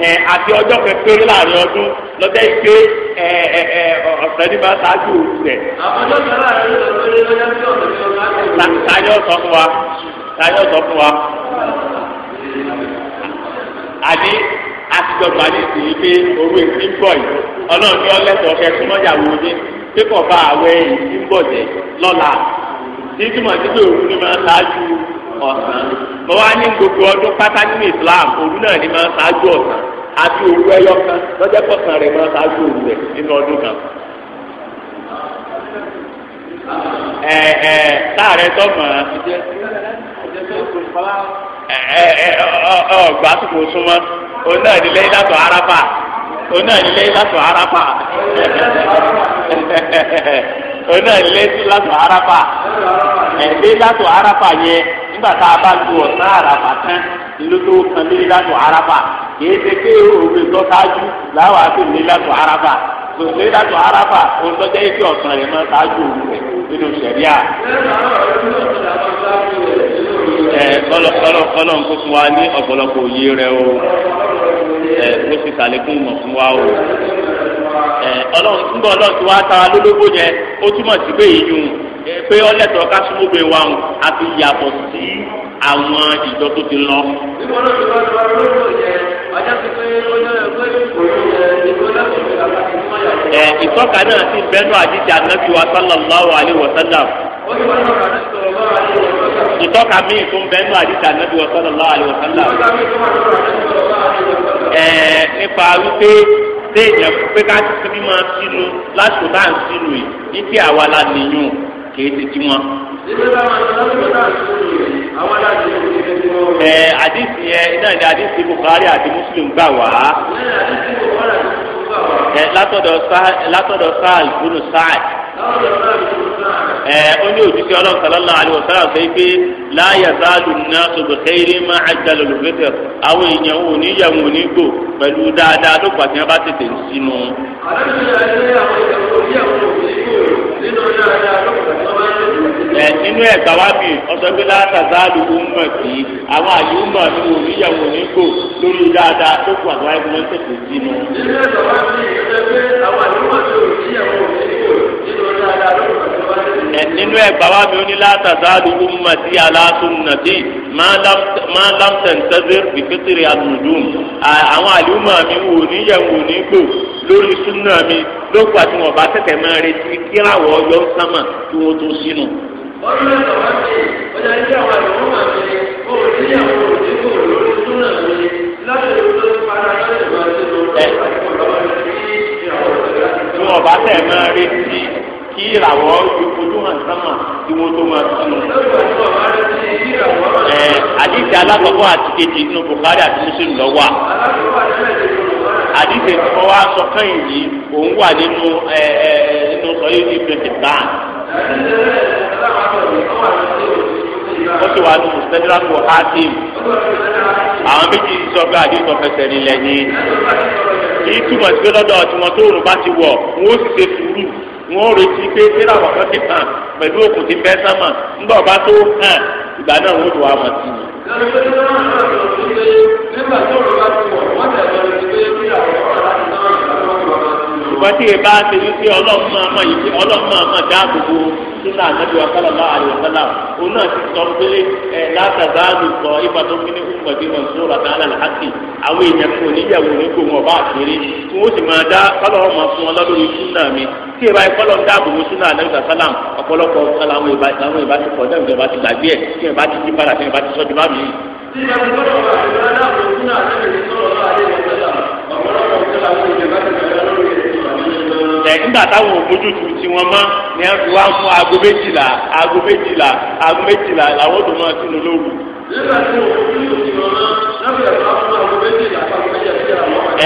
ẹ àti ọjọ́ kékeré láàrin ọdún lọ́jọ́ ìgbé ẹ ẹ ẹ ọ̀sán ni máa ṣáájú òru rẹ̀. àbọ̀dọ̀ kan láàrin ọ̀sán ni lọ́jọ́ tí ọ̀sán ni ọ̀sán á jẹ́ òru. táyọ̀ sọ fún wa táyọ̀ sọ fún wa àní àtijọba ní ìsìn pé owó èsì ń bọ̀ yìí ọlọ́run ní ọlẹ́tọ̀ ọ̀kẹ́ súnmọ́yàwó ní pípọ̀ bá àwẹ̀ èsì ń bọ̀ jẹ́ lọ́la ní túmọ̀ sí pé òun ni máa ń ṣáájú ọ̀sán mo wá ní gbogbo ọdún pátá nínú Islam òru náà ni máa ṣáájú ọ̀sán àti òru ẹyọ kan lọ́jọ́ kọ̀ọ̀kan rẹ̀ máa ṣáájú òru rẹ̀ nínú ọdún kan. ẹ ẹ táàrẹ tó mọ̀ ẹ ẹ ọgbà tó kò súnmọ́ òun náà ní lẹ́yìn látọ̀ arápà òun náà ní lẹ́yìn látọ̀ arápà òun náà ní lẹ́yìn látọ̀ arápà ẹ̀ lẹ́yìn látọ̀ arápà yẹn nígbà tá a bá lu ọ̀sán àràfà tán lótó kan lé lánàá àràfà kìí ṣe pé òwe tọ́sájú láwọn àti lé lánàá àràfà lé lánàá àràfà òun tọ́jà ìfẹ́ ọ̀sán rẹ̀ máa ṣáájú òun rẹ̀ nínú sẹ̀ríà ẹ kọlọkọlọ kọlọ ń kó fún wa ní ọ̀pọ̀lọpọ̀ òye rẹ o ẹ kó sì sàlékún mọ̀ fún wa o ẹ ọlọ́run túbọ̀ ọlọ́run ti wá tara lólógbò yẹn ó túmọ̀ sí pé èyí pé ọlẹ́tọ̀ ká súnmọ́ bẹ́ẹ̀ wá wọn a fi yàtọ̀ sí àwọn ìjọ tó ti lọ. ẹ ìtọ́ka náà ti bẹ́nu àdìsí ànábì wa sallallahu alayhi wa sallam. ìtọ́ka míì tó ń bẹ́nu àdìsí ànábì wa sallallahu alayhi wa sallam. ẹ nípa wípé téèyàn pé ká ti fi máa sínú láti tó bá ń sínú yìí ní kí àwa la nìyún kìí ti ti wọn. ẹ àdìsí yẹn náà ni àdìsí Bukhari àti Muslim gbà wá. ẹ látọ̀dọ̀ sáàl bùnú sáàd. ẹ ó ní òjijì ọlọ́run sallallahu alaihi wasallam sọ pé la yazalu an-nasu bi khairin ma ajjalu al-fitr àwọn èèyàn wò ní ìyàwó onígbò pẹ̀lú dáadáa ló pàṣẹ bá tètè ń sinú. àdàbí ìyá ilé àwọn ìyàwó onígbò ẹ nínú ẹgbà wa mi ọsọ pé látàzá àdúgbò ń mọ̀ sí àwọn àyè ń mọ̀ nínú oníyàwó onígbò lórí dáadáa tó kù àgbáyé fún ẹsẹ̀ tó sí nu. nínú ẹgbà wa mi ọsọ pé àwọn àyè ń mọ̀ sí oníyàwó onígbò nínú dáadáa tó kù nínú ẹgbà wa mi ó ní látàzáàlú ummati ala sunnati máa lámtẹ̀ntẹ́sẹ̀ bìkítìrì àdùndùn àwọn àlùmọ̀ mi wò níyẹ̀wò nígbò lórí súnà mi lókùn àti wọn bá tẹ̀tẹ̀ máa retí kíráwọ̀ ọyọ́ sámà kí wọ́n tó sínú. wọ́n ní ẹ̀sọ́ wá sí ọjà ilé àwọn àlùmọ̀ mi ò níyàwó òdìbò lórí súnà mi lọ́sẹ̀ tó para lọ́sẹ̀ tó ti lọ bí wọn bá tẹ̀ máa retí kí ìràwọ̀ ìfojú hàn sánmà kí wọ́n tó máa sùn. ẹ àdìsí alákọ̀ọ́kọ́ àti kejì nínú Bukhari àti Muslim lọ wà. àdìsí ìfọwọ́ wa sọ kẹ́yìn yìí òun wà nínú ẹ ẹ nínú sọyí ní twenty nine. ó sì wà nínú federal court hakim. àwọn méjì sọ pé àdìsí ọ̀fẹ́sẹ̀ nílẹ̀ ni. kì í túmọ̀ sí pé lọ́dọ̀ tí wọ́n tó rò bá ti wọ̀ wọ́n sì ṣe sùúrù wọn retí pé tíra bàbá ti hàn pẹ̀lú òkun ti bẹ́ sámà ńgbà ọba tó hàn ìgbà náà wọn tó wà mọ̀ sí i. ṣùgbọ́n tí ìbá ṣe wípé ọlọ́run máa mọ̀ dáàbò bo sunna anabi wa sallallahu alayhi wa sallam òun náà ti sọ pélé ẹ látàzáàlù sọ ibà tó kí ní ummati mansura ta'ala al-haqqi àwọn èèyàn kò níyàwó ní kò wọn bá àṣírí tí wọn sì máa dá kọlọ wọn máa fún wọn lọ́dún ní mi tí ìbá ìkọlọ ń dáàbò ní sunna anabi wa sallam ọ̀pọ̀lọpọ̀ àwọn ìbá ti kọ náà ìbá ti gbàgbé ẹ tí ìbá ti jí padà tí ìbá ti sọ jù bá mi. tí ìbá ìkọlọ wà ìrọ̀lẹ́ nígbà táwọn òbójútu tí wọ́n mọ́ ni wọ́n fi wá fún aago méjìlá aago méjìlá aago méjìlá làwọn tó máa sínú lóru.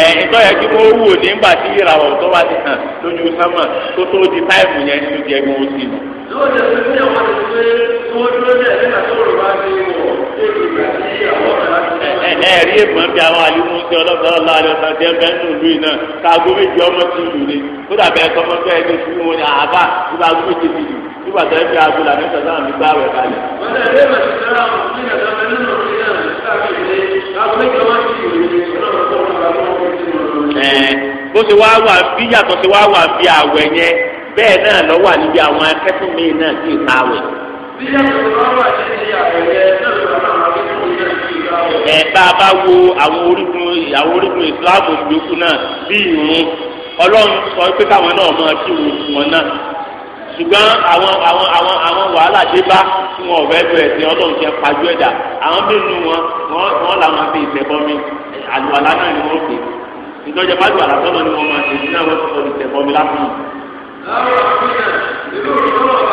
ẹ ìtọ́ yẹ kí wọ́n wò nígbà tí ìràwọ̀ tó bá ti hàn lójú sámà tó tó di táìmù yẹn tó jẹ́ kí wọ́n sì nù. lọ́wọ́ jẹ́ pé kí àwọn àti pé kí wọ́n dúró ní ẹ̀ẹ́dẹ́gbà tó rọ̀ wá sí ìwọ̀ ẹ ẹ rí èèmọ̀ bí àwọn àlùmọ́sí ọlọ́sọ̀rọ̀ láàrin ọ̀sán tí ẹ bẹ́ẹ̀ nù lù iná káàgó méjì ọmọ ti lù ní kódà bẹ́ẹ̀ tọmọ tó ẹni fún wọn ni àbá nígbà tó méjì ti lù nígbà tó ẹni aago làmì sọ̀tàn àmì gbà wẹ̀ kalẹ̀. wọ́n dẹ̀ ẹ̀ bẹ́ẹ̀ bó ti wá wà bí yàtọ̀ ti wá wà bí àwẹ̀ yẹn bẹ́ẹ̀ náà lọ wà àwọn akẹ́kọ̀ọ́ mi náà sì ta àwẹ̀ ẹ bá a bá wo àwọn orígun àwọn orígun ìsìláàmù yòókù náà bí ìrun ọlọ́run sọ pé káwọn náà máa kí wọn wọn náà ṣùgbọ́n àwọn àwọn àwọn àwọn wàhálà dé bá tí wọn ọ̀rẹ́ lu ẹ̀sìn ọlọ́run jẹ́ pajú ẹ̀dá àwọn mélòó wọn wọn wọn làwọn fi ìtẹ̀bọmi àlùwàlá náà ni wọ́n pè ìtọ́jà bá lù àlàtọ́ náà ni wọ́n máa tẹ̀sí náà wọ́n ti sọ ìtẹ̀bọmi lápò. láwọn àfihàn ìlú òkú náà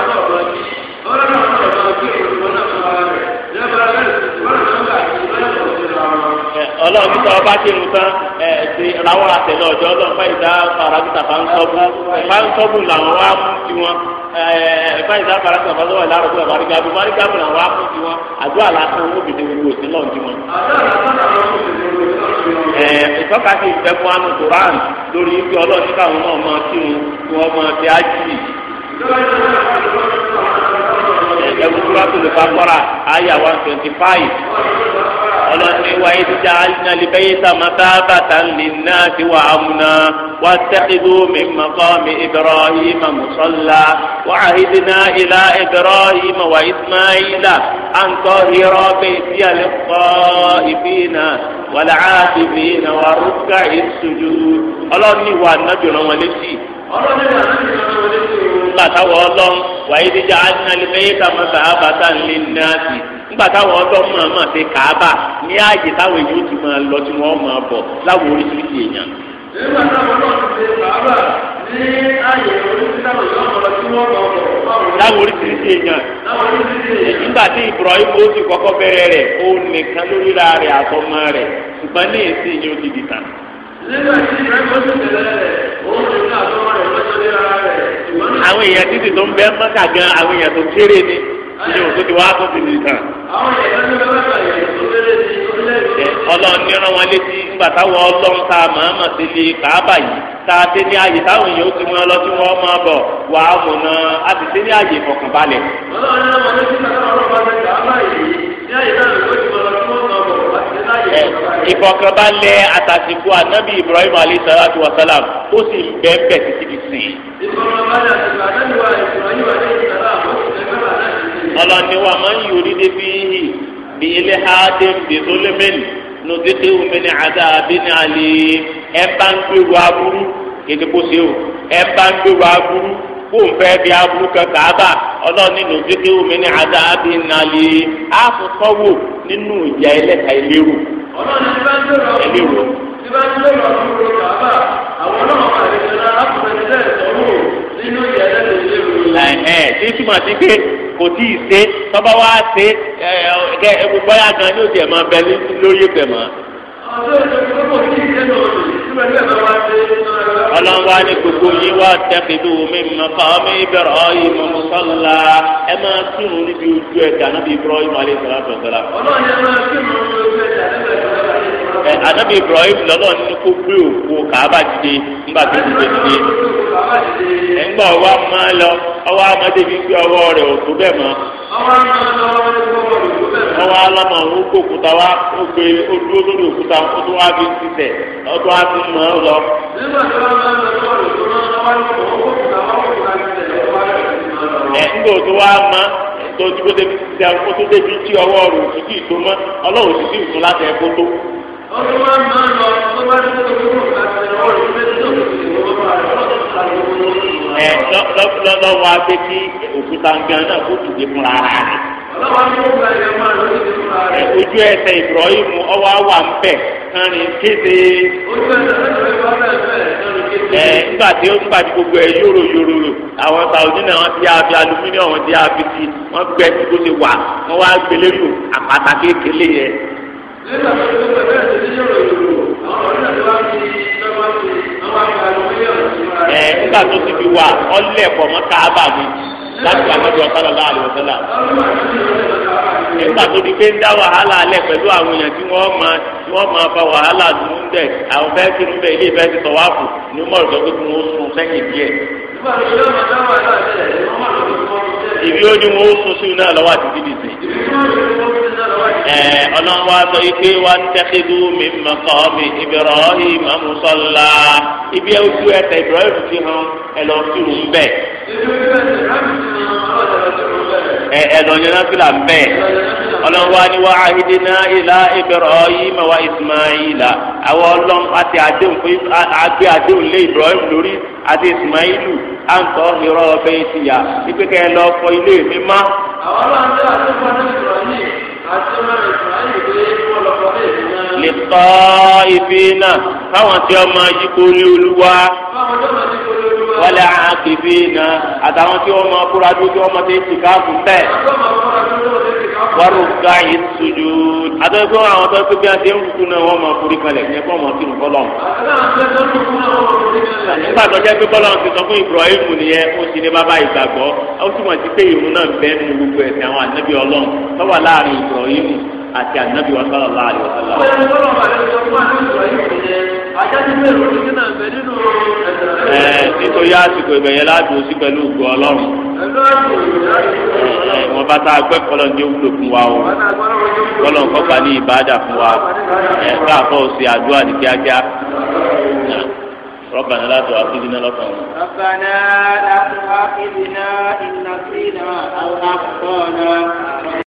àti ọlọ́run tó ọba tí mo tán ẹ ti làwọn àtẹlẹ ọjọ́ ọlọ́run fẹ́ ìdá farakita fansọ́bù fansọ́bù làwọn wá mú ti wọn ẹ fẹ́ ìdá farakita fansọ́bù làwọn tó marigabu marigabu làwọn wá mú ti wọn wọn. ẹ ìtọ́ka sí ìfẹ́kùn ibi ọlọ́run suratul Baqara àyà one twenty five ọlọ́ni wáyé ti dá alínàlí bẹ́yẹ sàmà sábà tán lè ná ti wà ámúná wà tẹ́kidú mi mọ̀kọ́ mi Ibrahima musalla wà áhídínà ilá Ibrahima wà Ismaila àǹtọ́ hírọ́ bẹ́ẹ̀ tí a kọ́ ìbínà wàlẹ́ àbìbínà wà rúkà ìṣojú ọlọ́ni wà nábìrán wọn létí. ọlọ́ni wà nábìrán wọn létí o. nígbà táwọn ọlọ́run wàyí ti jẹ́ alínàlẹ́ ẹ̀yẹ táwọn sàábà tá ń lé náàtì nígbà táwọn ọlọ́run máa máa ṣe kàábà ní ààyè táwọn èèyàn ti máa lọ tí wọ́n máa bọ̀ láwọn oríṣiríṣi èèyàn. nígbà táwọn ọlọ́run ti ṣe kàábà ní ààyè oríṣiríṣi táwọn èèyàn máa lọ tí wọ́n máa bọ̀ láwọn oríṣiríṣi èèyàn nígbà tí Ibrahim ó ti kọ́kọ́ bẹ̀rẹ̀ rẹ̀ ó nìkan lórí ra rẹ̀ àtọmọ rẹ̀ ṣùgbọ́n ní èsì yìí ó ti dìtà. nígbà tí Ibrahim ó ti bẹ̀rẹ̀ rẹ̀ ó nìkan àtọmọ rẹ̀ lọ́jọ́ lé rẹ̀. àwọn èèyàn títì tó ń bẹ mọ́tà gan àwọn èèyàn tó kéré ni ilé òkú ti wá tó ti lè tàn. ọlọ́run ní ọ̀rọ̀ wọn létí nígbà táwọn ọlọ́run tá a máa mọ̀ sí ilé kàábà yìí tá a dé ní ààyè táwọn èèyàn ó ti mú ọlọ́ tí wọ́n máa bọ̀ wà á mọ̀ náà á ti dé ní ààyè ìfọ̀kànbalẹ̀. ọlọ́run ní ọ̀rọ̀ wọn létí ìfọ̀kànbalẹ̀ àtàsìkò ànábì ibrahim alayhi salatu wa salam ó sì ń bẹ́ẹ̀ bẹ́ẹ̀ títí di sí i. ìfọ̀kànbalẹ̀ àtàsìkò ànábì ibrahim alayhi salatu wa salam. ọlọ́ni wa máa ń yòrí débi yìí bí ilé ha dé bí zolemeni nùdíkì omi àdá abíní àlè ẹ bá ń gbèrú aburú kéde kó ṣe o ẹ bá ń gbèrú aburú. kó n fẹ́ bí aburú kankan bá ọlọ́run nínú gbégbé omi ní adá bí nàlẹ́ àfọ̀sọ́wò nínú ìyá ẹlẹ́ka ìlérò. ọlọ́run ti bá ń lò lọ́wọ́ ti bá ń lò lọ́wọ́ ìlérò kàbá àwọn náà wà lẹ́sẹ̀ náà àfọ̀sọ́wò nínú ìyá ẹlẹ́ka ìlérò. ẹ ẹ ṣé túmọ̀ sí pé kò tí ì ṣe tọ́ba wá ṣe ẹ ẹ ni ó ti ẹ̀ máa bẹ lórí ẹgbẹ̀ mọ́. ọlọ́wà ni gbogbo yìí wá tẹ́kìdú mi mọ̀kọ́ mi bẹ̀rọ̀ yìí mọ̀ mùsọ̀lá ẹ máa kírun níbi ojú ẹ̀dá níbi Ibrahim alayhi salatu wa salam. ọlọ́wà ni ẹ máa kírun níbi ojú ẹ̀dá níbi Ibrahim alayhi salatu anabi ibrahim lọ́lọ́ gbé òkú nígbà tó ọmọ lọ ọwọ́ ọmọdé fi gbé ọwọ́ òkú bẹ́ẹ̀ mọ́ ọwọ́ alámọ̀ ń òkúta wá ó ojú olórí òkúta ó tún wá fi ti tẹ̀ ó ọ lọ. ń wá mọ́ tó ti débi tó débi tí ọwọ́ òkú tó mọ́ ọlọ́run ọdún máa ń máa lọ tó bá ní kókó tó kó ká tẹ ọ rẹ fẹ́ tó kó tó kó máa lọ tó kó ká lọ kó lọ. lọ́wọ́ abẹ́ kí òkúta gan náà kó tùdé fúnra rà rẹ̀. ojú ẹsẹ̀ Ibrahim ọwọ́ àwà ń bẹ̀ kárin kéde. ojú ẹsẹ̀ Ibrahim ọwọ́ àwà ń bẹ̀ kárin kéde. nígbà tí ó ń gbàdí gbogbo ẹ yóró yóró àwọn Saudi náà wọn ti àbí alumíníọ̀ wọn ti àbí ti wọn gbẹ tí kò ti wà wọn wá gbélé nígbà tó ti gbogbo ẹgbẹ́ wa. fi wà ọlẹ́ pọ̀ mọ́ káábà di pé ń dá wàhálà alẹ́ pẹ̀lú àwọn èèyàn tí wọ́n fa wàhálà dùn ún bẹ̀ àwọn fẹ́ kí ló ń ilé ìfẹ́ ti tọ̀ wá ìbí ó ní wọn ó sún sí iná lọ́wọ́ àti dídì sí. ẹ ọlọ́run wa sọ pé wà á tẹ́kídú mi mọ̀kọ́ mi Ibrahim musalla ibi ẹ̀ ojú ẹ̀tẹ̀ Ibrahim fi hàn ẹ̀ lọ́ọ́ fi rùn bẹ́ẹ̀. ẹ̀dọ̀ yẹn náà fìlà mbẹ́ ọlọ́wọ́ ni wà wa Ismaila awọ ọlọm ati àdéhùn pé àgbé àdéhùn lé lórí Ismailu à ń tọ́ ìrọ̀ ọbẹ̀ ìtìyà ẹ lọ fọ ilé mi má. àwọn ọlọ́run tó Ibrahim àti ọmọ wọ́n lọ fọ́ ilé mi lè tọ́ ibi náà tí ọmọ yìí kò ní olúwa. wálé àkèbí iná àtàwọn tí wọ́n máa kóra dúró tí wọ́n máa ti tìka kù bẹ́ẹ̀. wọ́rù ká yìí sojú. àtọ́jú pé àwọn tó tó bí a ti ń rúkú náà wọ́n máa forí kalẹ̀ ní ẹ̀kọ́ máa kírun bọ́lọ̀. nígbà tó jẹ́ pé bọ́lọ̀ ti sọ fún Ibrahim nìyẹn ó sì ní bàbá ìgbàgbọ́ ó túmọ̀ sí pé ìrun náà bẹ́ẹ̀ nínú gbogbo ẹ̀sìn àwọn ànábì Ọlọ́run tó nítorí àsìkò ìbẹ̀yẹ láti òsì pẹ̀lú ògùn ọlọ́run wọn bá tá a gbẹ́ kọ́lọ̀ ní fún wa o kọ́lọ̀ kọ́ba ní ìbáàdà fún wa ẹ̀ka àfọ̀ òsì àdúrà ní kíákíá rọ́bàná láti wàá kíbi lọ́kàn wọn. rọ́bàná láti wàá kíbi náà àwọn àkùkọ náà.